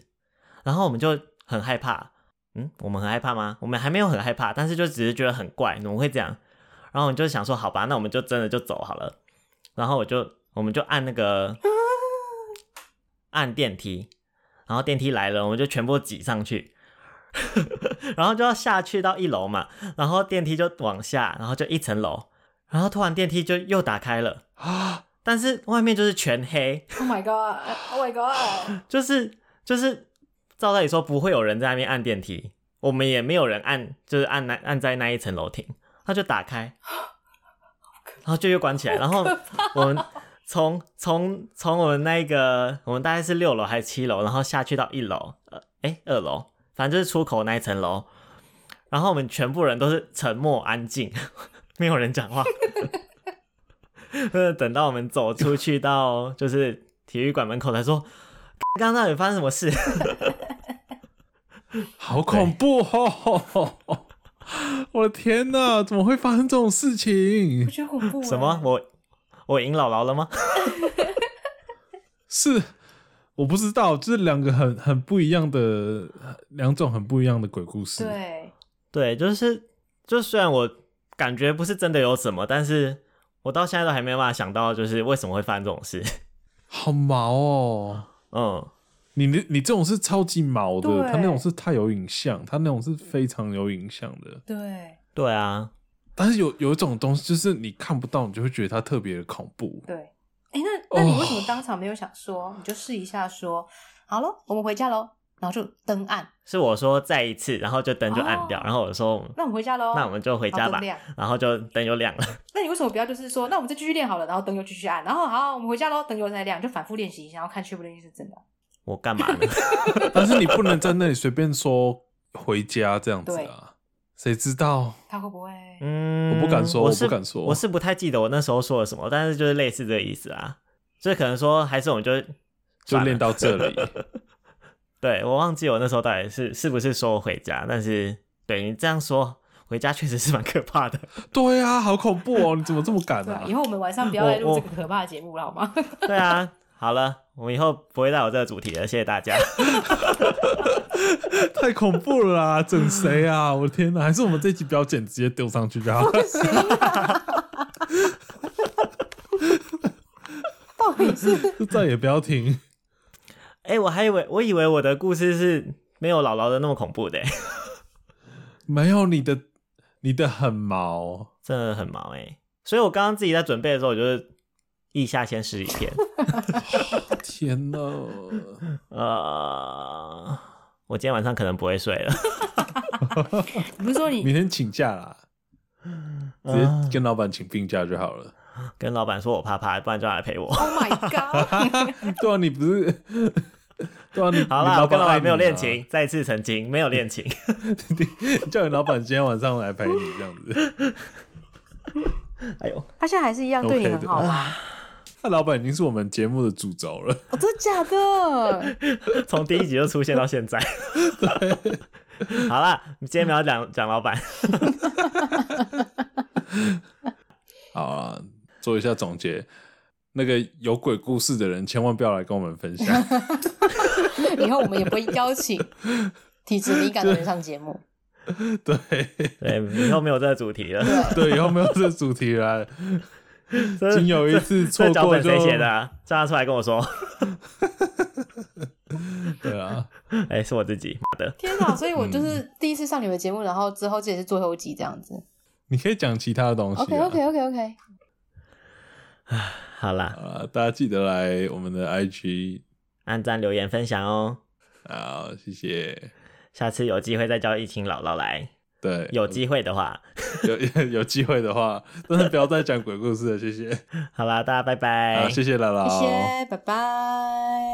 S1: 然後我們就很害怕。嗯，我們很害怕嗎？我們還沒有很害怕，但是就只是覺得很怪，怎麼會這樣？然後我們就想說，好吧，那我們就真的就走好了。然後我就，我們就按那個。按電梯，然後電梯來了，我們就全部擠上去，呵呵，然後就要下去到一樓嘛，然後電梯就往下，然後就一層樓，然後突然電梯就又打開了，但是外面就是全黑。Oh
S3: my god! Oh my god! 就是就是照道
S1: 理說不會有人在那邊按電梯，我們也沒有人按，就是按那按，按在那一層樓停，他就打開，然後就又關起來，oh、然後我們。從從從我們那個，我們大概是六樓還是七樓，然後下去到一樓，呃，哎、欸，二樓，反正就是出口那一層樓。然後我們全部人都是沉默安靜，沒有人講話。呃， 等到我們走出去到就是體育館門口，才說，剛剛到底發生什麼事？ 好恐怖哦！我的天哪，
S2: 怎麼會發生這種事情？
S3: 我覺得恐
S2: 怖啊。什麼？我。我贏姥姥了嗎？ 是，我不知道，就是兩個很很不一樣的兩種很不一樣的鬼故事。
S1: 對，對，就是就雖然我感覺不是真的有什麼，但是我到現在都還沒有辦法想到，就是為什麼會發生這種事。
S2: 好毛哦，嗯，你你你這種是超級毛的，他那種是太有影像，他那種是非常有影像的，嗯。對，對啊。但是有有一種東西，就是你看不到，你就會覺得它特別的恐怖。
S3: 對，哎、欸，那那你為什麼當場沒有想說，oh. 你就試一下說，好咯，我們回家嘍，然後就燈暗。
S1: 是我說再一次，然後就燈就暗掉，oh. 然後我說，那我
S3: 們回家嘍，那我
S1: 們就回家吧，然後,亮然後就燈又亮了。
S3: 那你為什麼不要就是說，那我們再繼續練好了，然後燈又繼續暗，然後好，我們回家嘍，燈又再亮，就反覆練習一下，然後看確不定是真的。
S1: 我幹嘛呢？ 但是你不能
S2: 在那裡隨便說回家這樣子啊。誰知道
S3: 他
S1: 會不，不會？嗯，我不敢說我是，我不敢說，我是不太記得我那時候說了什麼，但是就是類似這個意思啊。所以可能說，還是我們就就練到這裡。 對，我忘記我那時候到底是是不是說我回家，但是對你這樣說，回家確實是蠻可怕的。對啊，好恐怖哦！你怎麼這麼敢呢、啊 啊？以
S3: 後我們晚上不要再錄這個可怕的節目了，好嗎？ 對
S1: 啊，好了。我們以後不會再有這個主題了，謝謝大家。
S2: 太恐怖了，整誰啊？我的天哪！還是我們這集不要剪，直接丟上去
S1: 就好。不行、啊。 到底是再也不要停。哎、欸，我還以為我以為我的故事是沒有姥姥的那麼恐怖的、欸。沒有你的，你的很毛，真的很毛、欸。哎。所以我剛剛自己在準備的時候，我就是一下先試一天， 天哪！ 呃，我今天晚上可能不會睡了。不是說你明天請假啦，直接跟老闆請病假就好了。啊、跟老闆說我怕怕，不然就來陪我。 oh my
S2: god！ 對啊，你不是 對啊？你好啦、啊，我跟老闆沒有戀情，再次澄清，沒有戀情。 你叫你老闆今天晚上來陪你這樣子。 哎呦，
S3: 他現在還是一樣 okay, 對你很好啊。
S2: 老闆已經是
S1: 我們節目的主角了。
S3: 哦，真的假的？
S1: 從 第一集就出現到現在， 好了，你今天要講講、嗯、老闆。
S2: 啊， 做一下總結，那個有鬼故事的人千萬不要來跟我們分享，
S3: 以後我們也不會邀請體質敏感
S1: 的人上節目對。對，以後沒有這個主題了。 對，以後沒有這個主題了。
S3: 僅有一次錯過，誰寫的？
S1: 站出來跟我說。 對啊、欸，是我自己。媽的，
S3: 天哪！所以我就是第一次上你們節目， 然後之後自己是做後記這樣子。
S1: 你
S2: 可以講其他的東西、啊。OK OK OK OK 好。好了啊，大家
S1: 記得來我們的 IG 按讚留言分享哦。好，謝謝。下次有機會再叫一群姥姥來。對，有機會的話， 有有機會的話，但是不要再講鬼故事了， 謝謝。好啦，大家拜拜，啊、謝謝啦。姥，謝
S2: 謝，拜拜，拜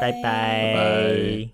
S2: 拜。拜拜拜拜。